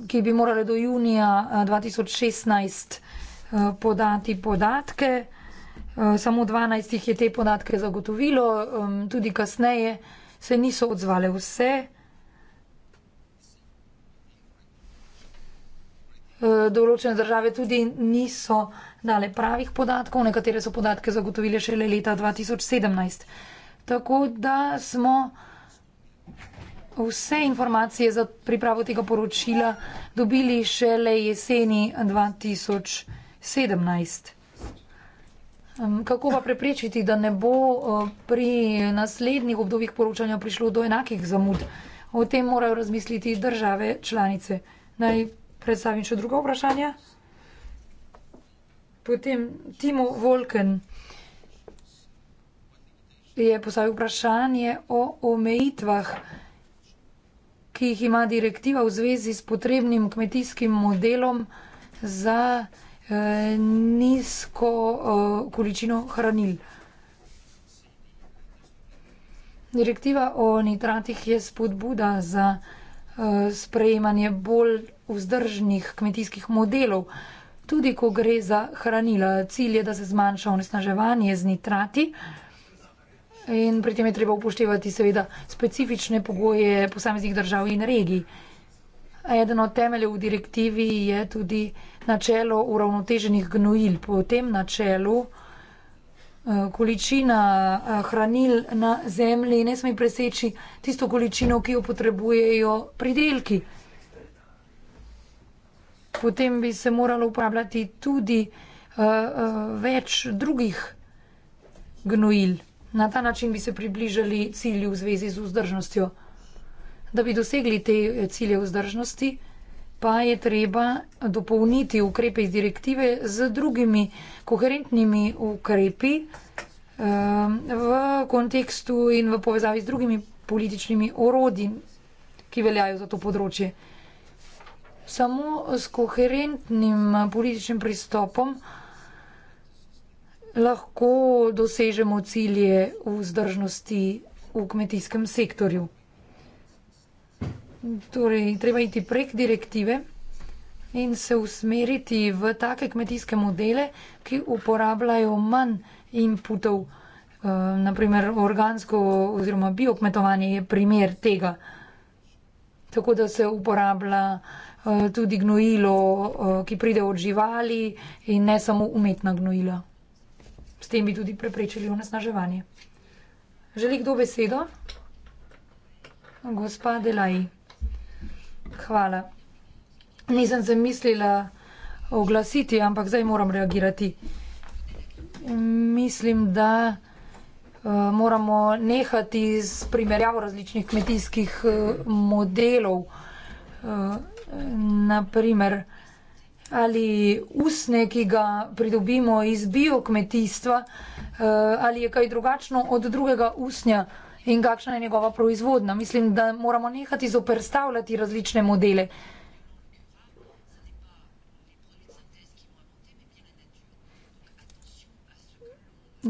Speaker 1: ki bi morale do junija 2016 eh, eh, podati podatke. Samo 12 jih je te podatke zagotovilo, tudi kasneje se niso odzvale vse. Določene države tudi niso dale pravih podatkov, nekatere so podatke zagotovile šele leta 2017. Tako da smo vse informacije za pripravo tega poročila dobili šele jeseni 2017. Kako pa preprečiti, da ne bo pri naslednjih obdobjih poročanja prišlo do enakih zamud? O tem morajo razmisliti države članice. Naj predstavim še drugo vprašanje. Potem Timo Volken je postavil vprašanje o omejitvah ki jih ima direktiva v zvezi s potrebnim kmetijskim modelom za eh, nizko eh, količino hranil. Direktiva o nitratih je spodbuda za eh, sprejemanje bolj vzdržnih kmetijskih modelov, tudi ko gre za hranila. Cilj je, da se zmanjša onesnaževanje z nitrati. Eh, in pri tem je treba upoštevati seveda specifične pogoje posameznih držav in regij. Eden od temeljev v direktivi je tudi načelo uravnoteženih gnojil. Po tem načelu eh, količina eh, hranil na zemlji ne sme preseči tisto količino, ki jo potrebujejo pridelki. Potem bi se moralo uporabljati tudi uh, uh, več drugih gnojil. Na ta način bi se približali cilju v zvezi z vzdržnostjo. Da bi dosegli te eh, cilje vzdržnosti, pa je treba dopolniti ukrepe iz direktive z drugimi koherentnimi ukrepi ehm, v kontekstu in v povezavi z drugimi političnimi orodji, ki veljajo za to področje. Samo s koherentnim političnim pristopom lahko dosežemo cilje vzdržnosti v kmetijskem sektorju. Torej, treba iti prek direktive in se usmeriti v take kmetijske modele, ki uporabljajo manj inputov. Eh, Naprimer, organsko oziroma biokmetovanje je primer tega. Tako da se uporablja eh, tudi gnojilo, eh, ki pride od živali in ne samo umetna gnojila. S tem bi tudi preprečili onesnaževanje. Želi kdo besedo? Gospa Delaji. Hvala. Nisem zamislila oglasiti, ampak zdaj moram reagirati. Mislim, da eh, moramo nehati z primerjavo različnih kmetijskih eh, modelov. Eh, Naprimer, ali usne, ki ga pridobimo iz biokmetijstva, eh, ali je kaj drugačno od drugega usnja in kakšna je njegova proizvodna. Mislim, da moramo nehati zoprstavljati različne modele.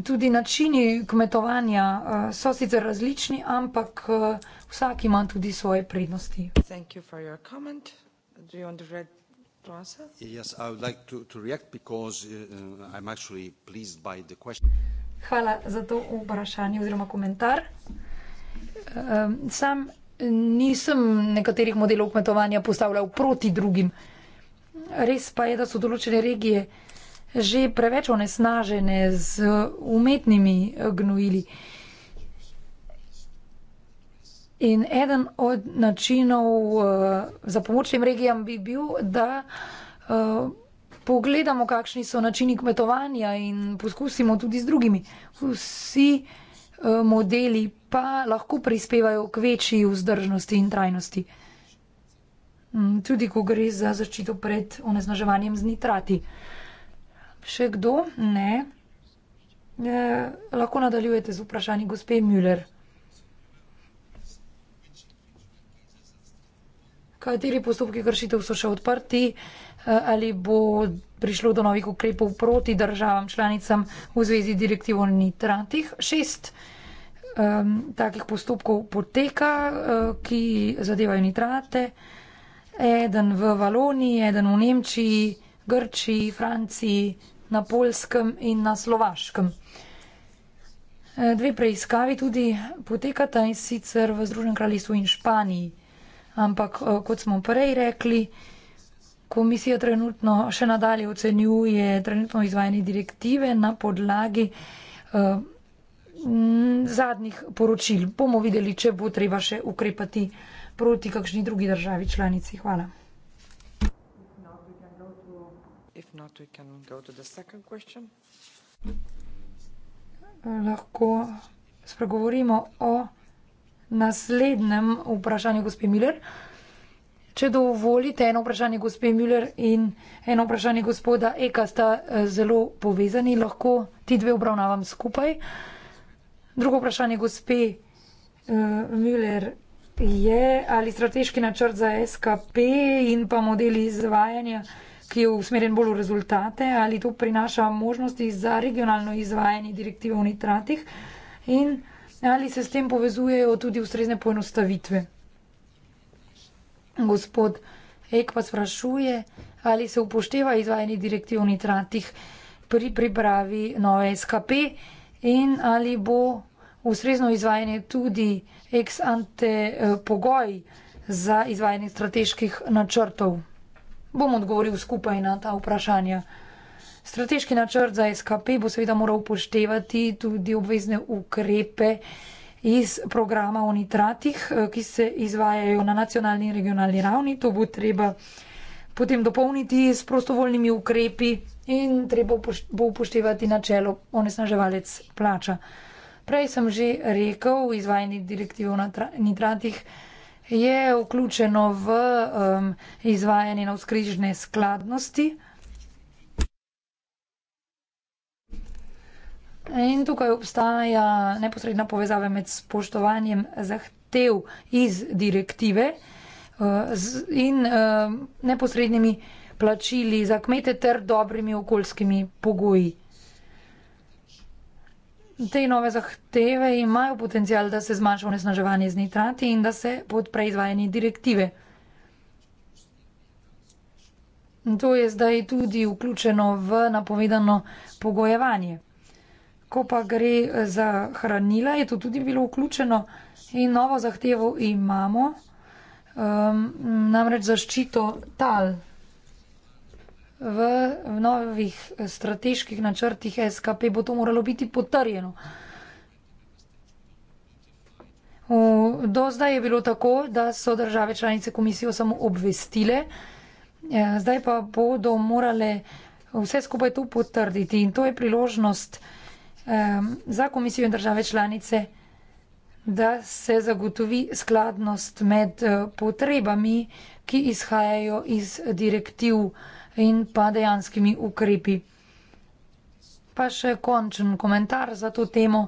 Speaker 1: Tudi načini kmetovanja eh, so sicer različni, ampak eh, vsak ima tudi svoje prednosti. Thank you for your comment. Do you want to read? process?
Speaker 3: Yes, I would like to, to react because uh, I'm actually pleased by the question.
Speaker 1: Hvala za to vprašanje oziroma komentar. Um, sam nisem nekaterih modelov kmetovanja postavljal proti drugim. Res pa je, da so določene regije že preveč onesnažene z umetnimi eh, gnojili. Uh, In eden od načinov uh, za pomoč tem regijam bi bil, da uh, pogledamo, kakšni so načini kmetovanja in poskusimo tudi z drugimi. Vsi uh, modeli pa lahko prispevajo k večji vzdržnosti in trajnosti. Mm, tudi, ko gre za zaščito pred oneznaževanjem z nitrati. Še kdo? Ne. Eh, lahko nadaljujete z vprašanjem gospe Müller. Kateri postopki kršitev so še odprti? Eh, Ali bo prišlo do novih ukrepov proti državam članicam v zvezi direktivo o nitratih? Šest um, takih postopkov poteka, uh, ki zadevajo nitrate. Eden v Valoniji, eden v Nemčiji, Grčiji, Franciji, na Polskem in na Slovaškem. Eh, dve preiskavi tudi potekata in sicer v Združenem kraljestvu in Španiji. Ampak, eh, kot smo prej rekli, komisija trenutno še nadalje ocenjuje trenutno izvajanje direktive na podlagi uh, zadnjih poročil. Bomo videli, če bo treba še ukrepati proti kakšni drugi državi članici. Hvala. Lahko spregovorimo o naslednjem vprašanju, gospe Miller. Če dovolite, eno vprašanje gospe Müller in eno vprašanje gospoda Eka sta eh, zelo povezani, lahko ti dve obravnavam skupaj. Drugo vprašanje gospe uh, Müller je, ali strateški načrt za SKP in pa model izvajanja, ki je usmerjen bolj v rezultate, ali to prinaša možnosti za regionalno izvajanje direktive o nitratih. In Ali se s tem povezujejo tudi ustrezne poenostavitve? Gospod Ek pa sprašuje, ali se upošteva izvajanje direktiv o nitratih pri pripravi nove SKP in ali bo ustrezno izvajanje tudi ex ante eh, pogoj za izvajanje strateških načrtov. Bom odgovoril skupaj na ta vprašanja. Strateški načrt za SKP bo seveda moral upoštevati tudi obvezne ukrepe iz programa o nitratih, eh, ki se izvajajo na nacionalni in regionalni ravni. To bo treba potem dopolniti s prostovoljnimi ukrepi in treba bo upoštevati načelo onesnaževalec plača. Prej sem že rekel, izvajanje direktive o nitratih je vključeno v um, izvajanje na vzkrižne skladnosti. In tukaj obstaja neposredna povezava med spoštovanjem zahtev iz direktive eh, in eh, neposrednimi plačili za kmete ter dobrimi okoljskimi pogoji. Te nove zahteve imajo potencial, da se zmanjša onesnaževanje z nitrati in da se podpre izvajanje direktive. To je zdaj tudi vključeno v napovedano pogojevanje ko pa gre eh, za hranila, je to tudi bilo vključeno in novo zahtevo imamo, um, namreč zaščito tal. V, v novih eh, strateških načrtih SKP bo to moralo biti potrjeno. V, do zdaj je bilo tako, da so države članice komisijo samo obvestile, eh, zdaj pa bodo morale vse skupaj to potrditi in to je priložnost, um, za komisijo in države članice, da se zagotovi skladnost med eh, potrebami, ki izhajajo iz direktiv in pa dejanskimi ukrepi. Pa še končen komentar za to temo.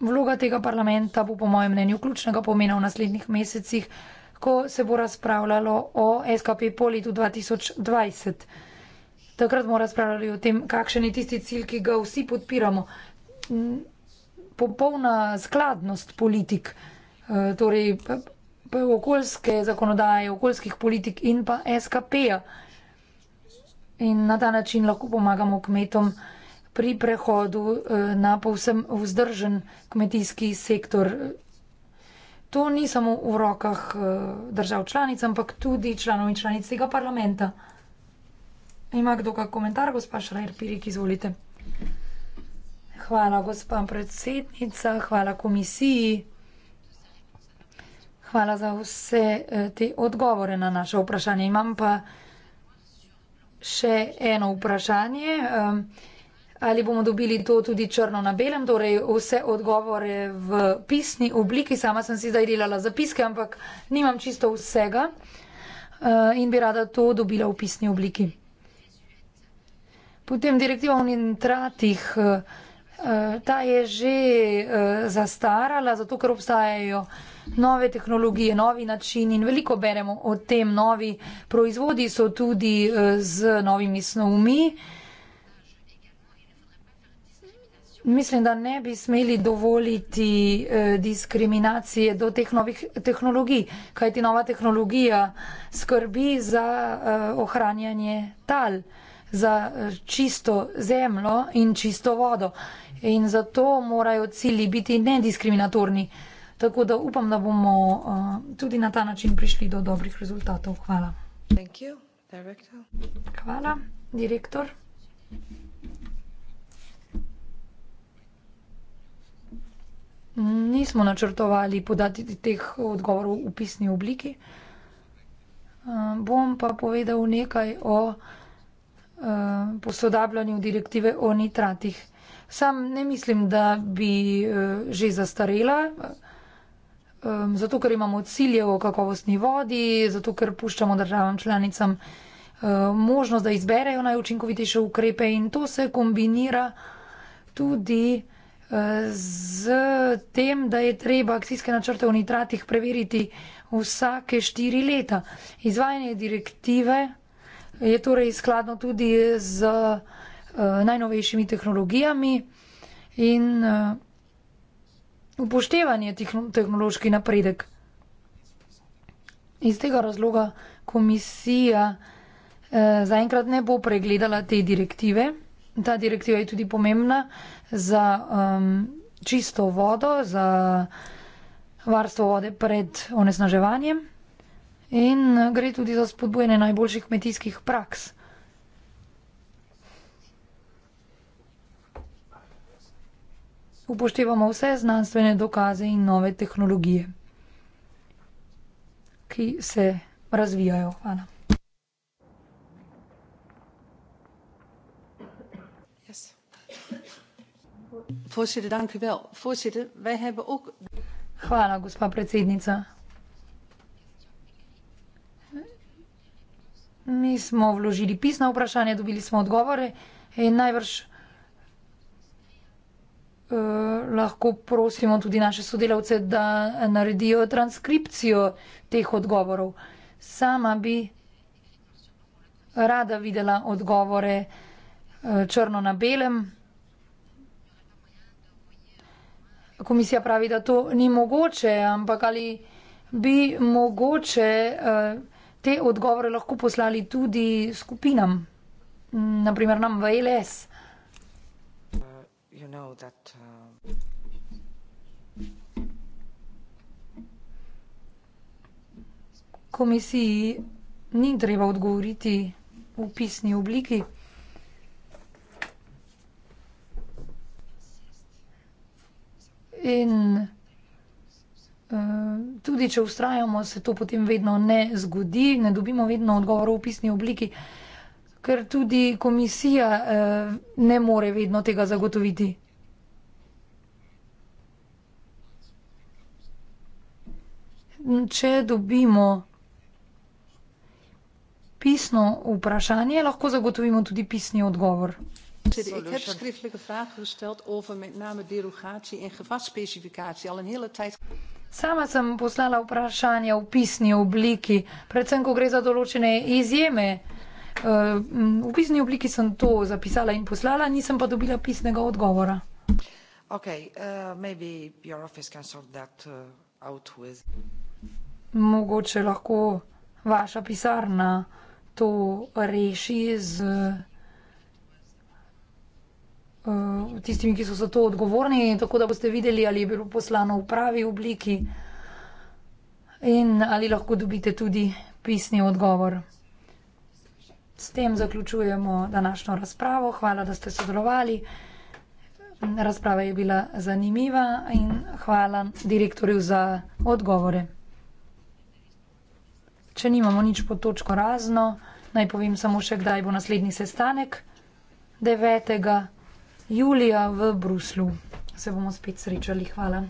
Speaker 1: Vloga tega parlamenta bo po mojem mnenju ključnega pomena v naslednjih mesecih, ko se bo razpravljalo o SKP po letu 2020 takrat bomo razpravljali o tem, kakšen je tisti cilj, ki ga vsi podpiramo. Popolna skladnost politik, e, torej okoljske zakonodaje, okoljskih politik in pa SKP-ja. In na ta način lahko pomagamo kmetom pri prehodu e, na povsem vzdržen kmetijski sektor. To ni samo v rokah e, držav članic, ampak tudi članov in članic tega parlamenta. Ima kdo kak komentar, gospa Šrajer Pirik, izvolite. Hvala, gospa predsednica, hvala komisiji. Hvala za vse eh, te odgovore na naše vprašanje. Imam pa še eno vprašanje. Ali bomo dobili to tudi črno na belem, torej vse odgovore v pisni obliki. Sama sem si zdaj delala zapiske, ampak nimam čisto vsega eh, in bi rada to dobila v pisni obliki. Potem direktiva o nitratih, eh, eh, ta je že eh, zastarala, zato ker obstajajo nove tehnologije, novi načini in veliko beremo o tem. Novi proizvodi so tudi z novimi snovmi. Mislim, da ne bi smeli dovoliti diskriminacije do teh novih tehnologij, kajti nova tehnologija skrbi za ohranjanje tal za eh, čisto zemljo in čisto vodo. In zato morajo cilji biti nediskriminatorni. Tako da upam, da bomo uh, tudi na ta način prišli do dobrih rezultatov. Hvala. You, Hvala, direktor. Nismo načrtovali podati teh odgovorov v pisni obliki. Uh, bom pa povedal nekaj o. Eh, posodabljanju direktive o nitratih. Sam ne mislim, da bi eh, že zastarela, eh, zato ker imamo cilje o kakovostni vodi, zato ker puščamo državam članicam možnost, da izberejo najučinkovitejše ukrepe in to se kombinira tudi z tem, da je treba akcijske načrte o nitratih preveriti vsake štiri leta. Izvajanje direktive Je torej skladno tudi z eh, najnovejšimi tehnologijami in eh, upoštevanje tehnološki napredek. Iz tega razloga komisija eh, zaenkrat ne bo pregledala te direktive. Ta direktiva je tudi pomembna za ehm, čisto vodo, za varstvo vode pred onesnaževanjem in gre tudi za spodbujanje najboljših kmetijskih praks. Upoštevamo vse znanstvene dokaze in nove tehnologije, ki se razvijajo. Hvala. Hvala, gospa predsednica. Mi smo vložili pisna vprašanja, dobili smo odgovore in najbrž eh, lahko prosimo tudi naše sodelavce, da naredijo transkripcijo teh odgovorov. Sama bi rada videla odgovore eh, črno na belem. Komisija pravi, da to ni mogoče, ampak ali bi mogoče. Eh, te odgovore lahko poslali tudi skupinam, mm, naprimer nam v LS. Uh, Komisiji ni treba odgovoriti v pisni obliki. In Eh, tudi če ustrajamo, se to potem vedno ne zgodi, ne dobimo vedno odgovorov v pisni obliki, ker tudi komisija eh, ne more vedno tega zagotoviti. Če dobimo pisno vprašanje, lahko zagotovimo tudi pisni odgovor. Ik heb schriftelijke vragen gesteld over met name derogatie en gewasspecificatie al een hele tijd. Sama sem poslala vprašanje v pisni obliki, predvsem, ko gre za določene izjeme. Eh, v pisni obliki sem to zapisala in poslala, nisem pa dobila pisnega odgovora. Okay, uh, that, uh, with... Mogoče lahko vaša pisarna to reši z. Uh, uh, eh, tistimi, ki so za to odgovorni, tako da boste videli, ali je bilo poslano v pravi obliki in ali lahko dobite tudi pisni odgovor. S tem zaključujemo današnjo razpravo. Hvala, da ste sodelovali. Razprava je bila zanimiva in hvala direktorju za odgovore. Če nimamo nič pod točko razno, naj povem samo še, kdaj bo naslednji sestanek. 9 julija v Bruslju. Se bomo spet srečali. Hvala.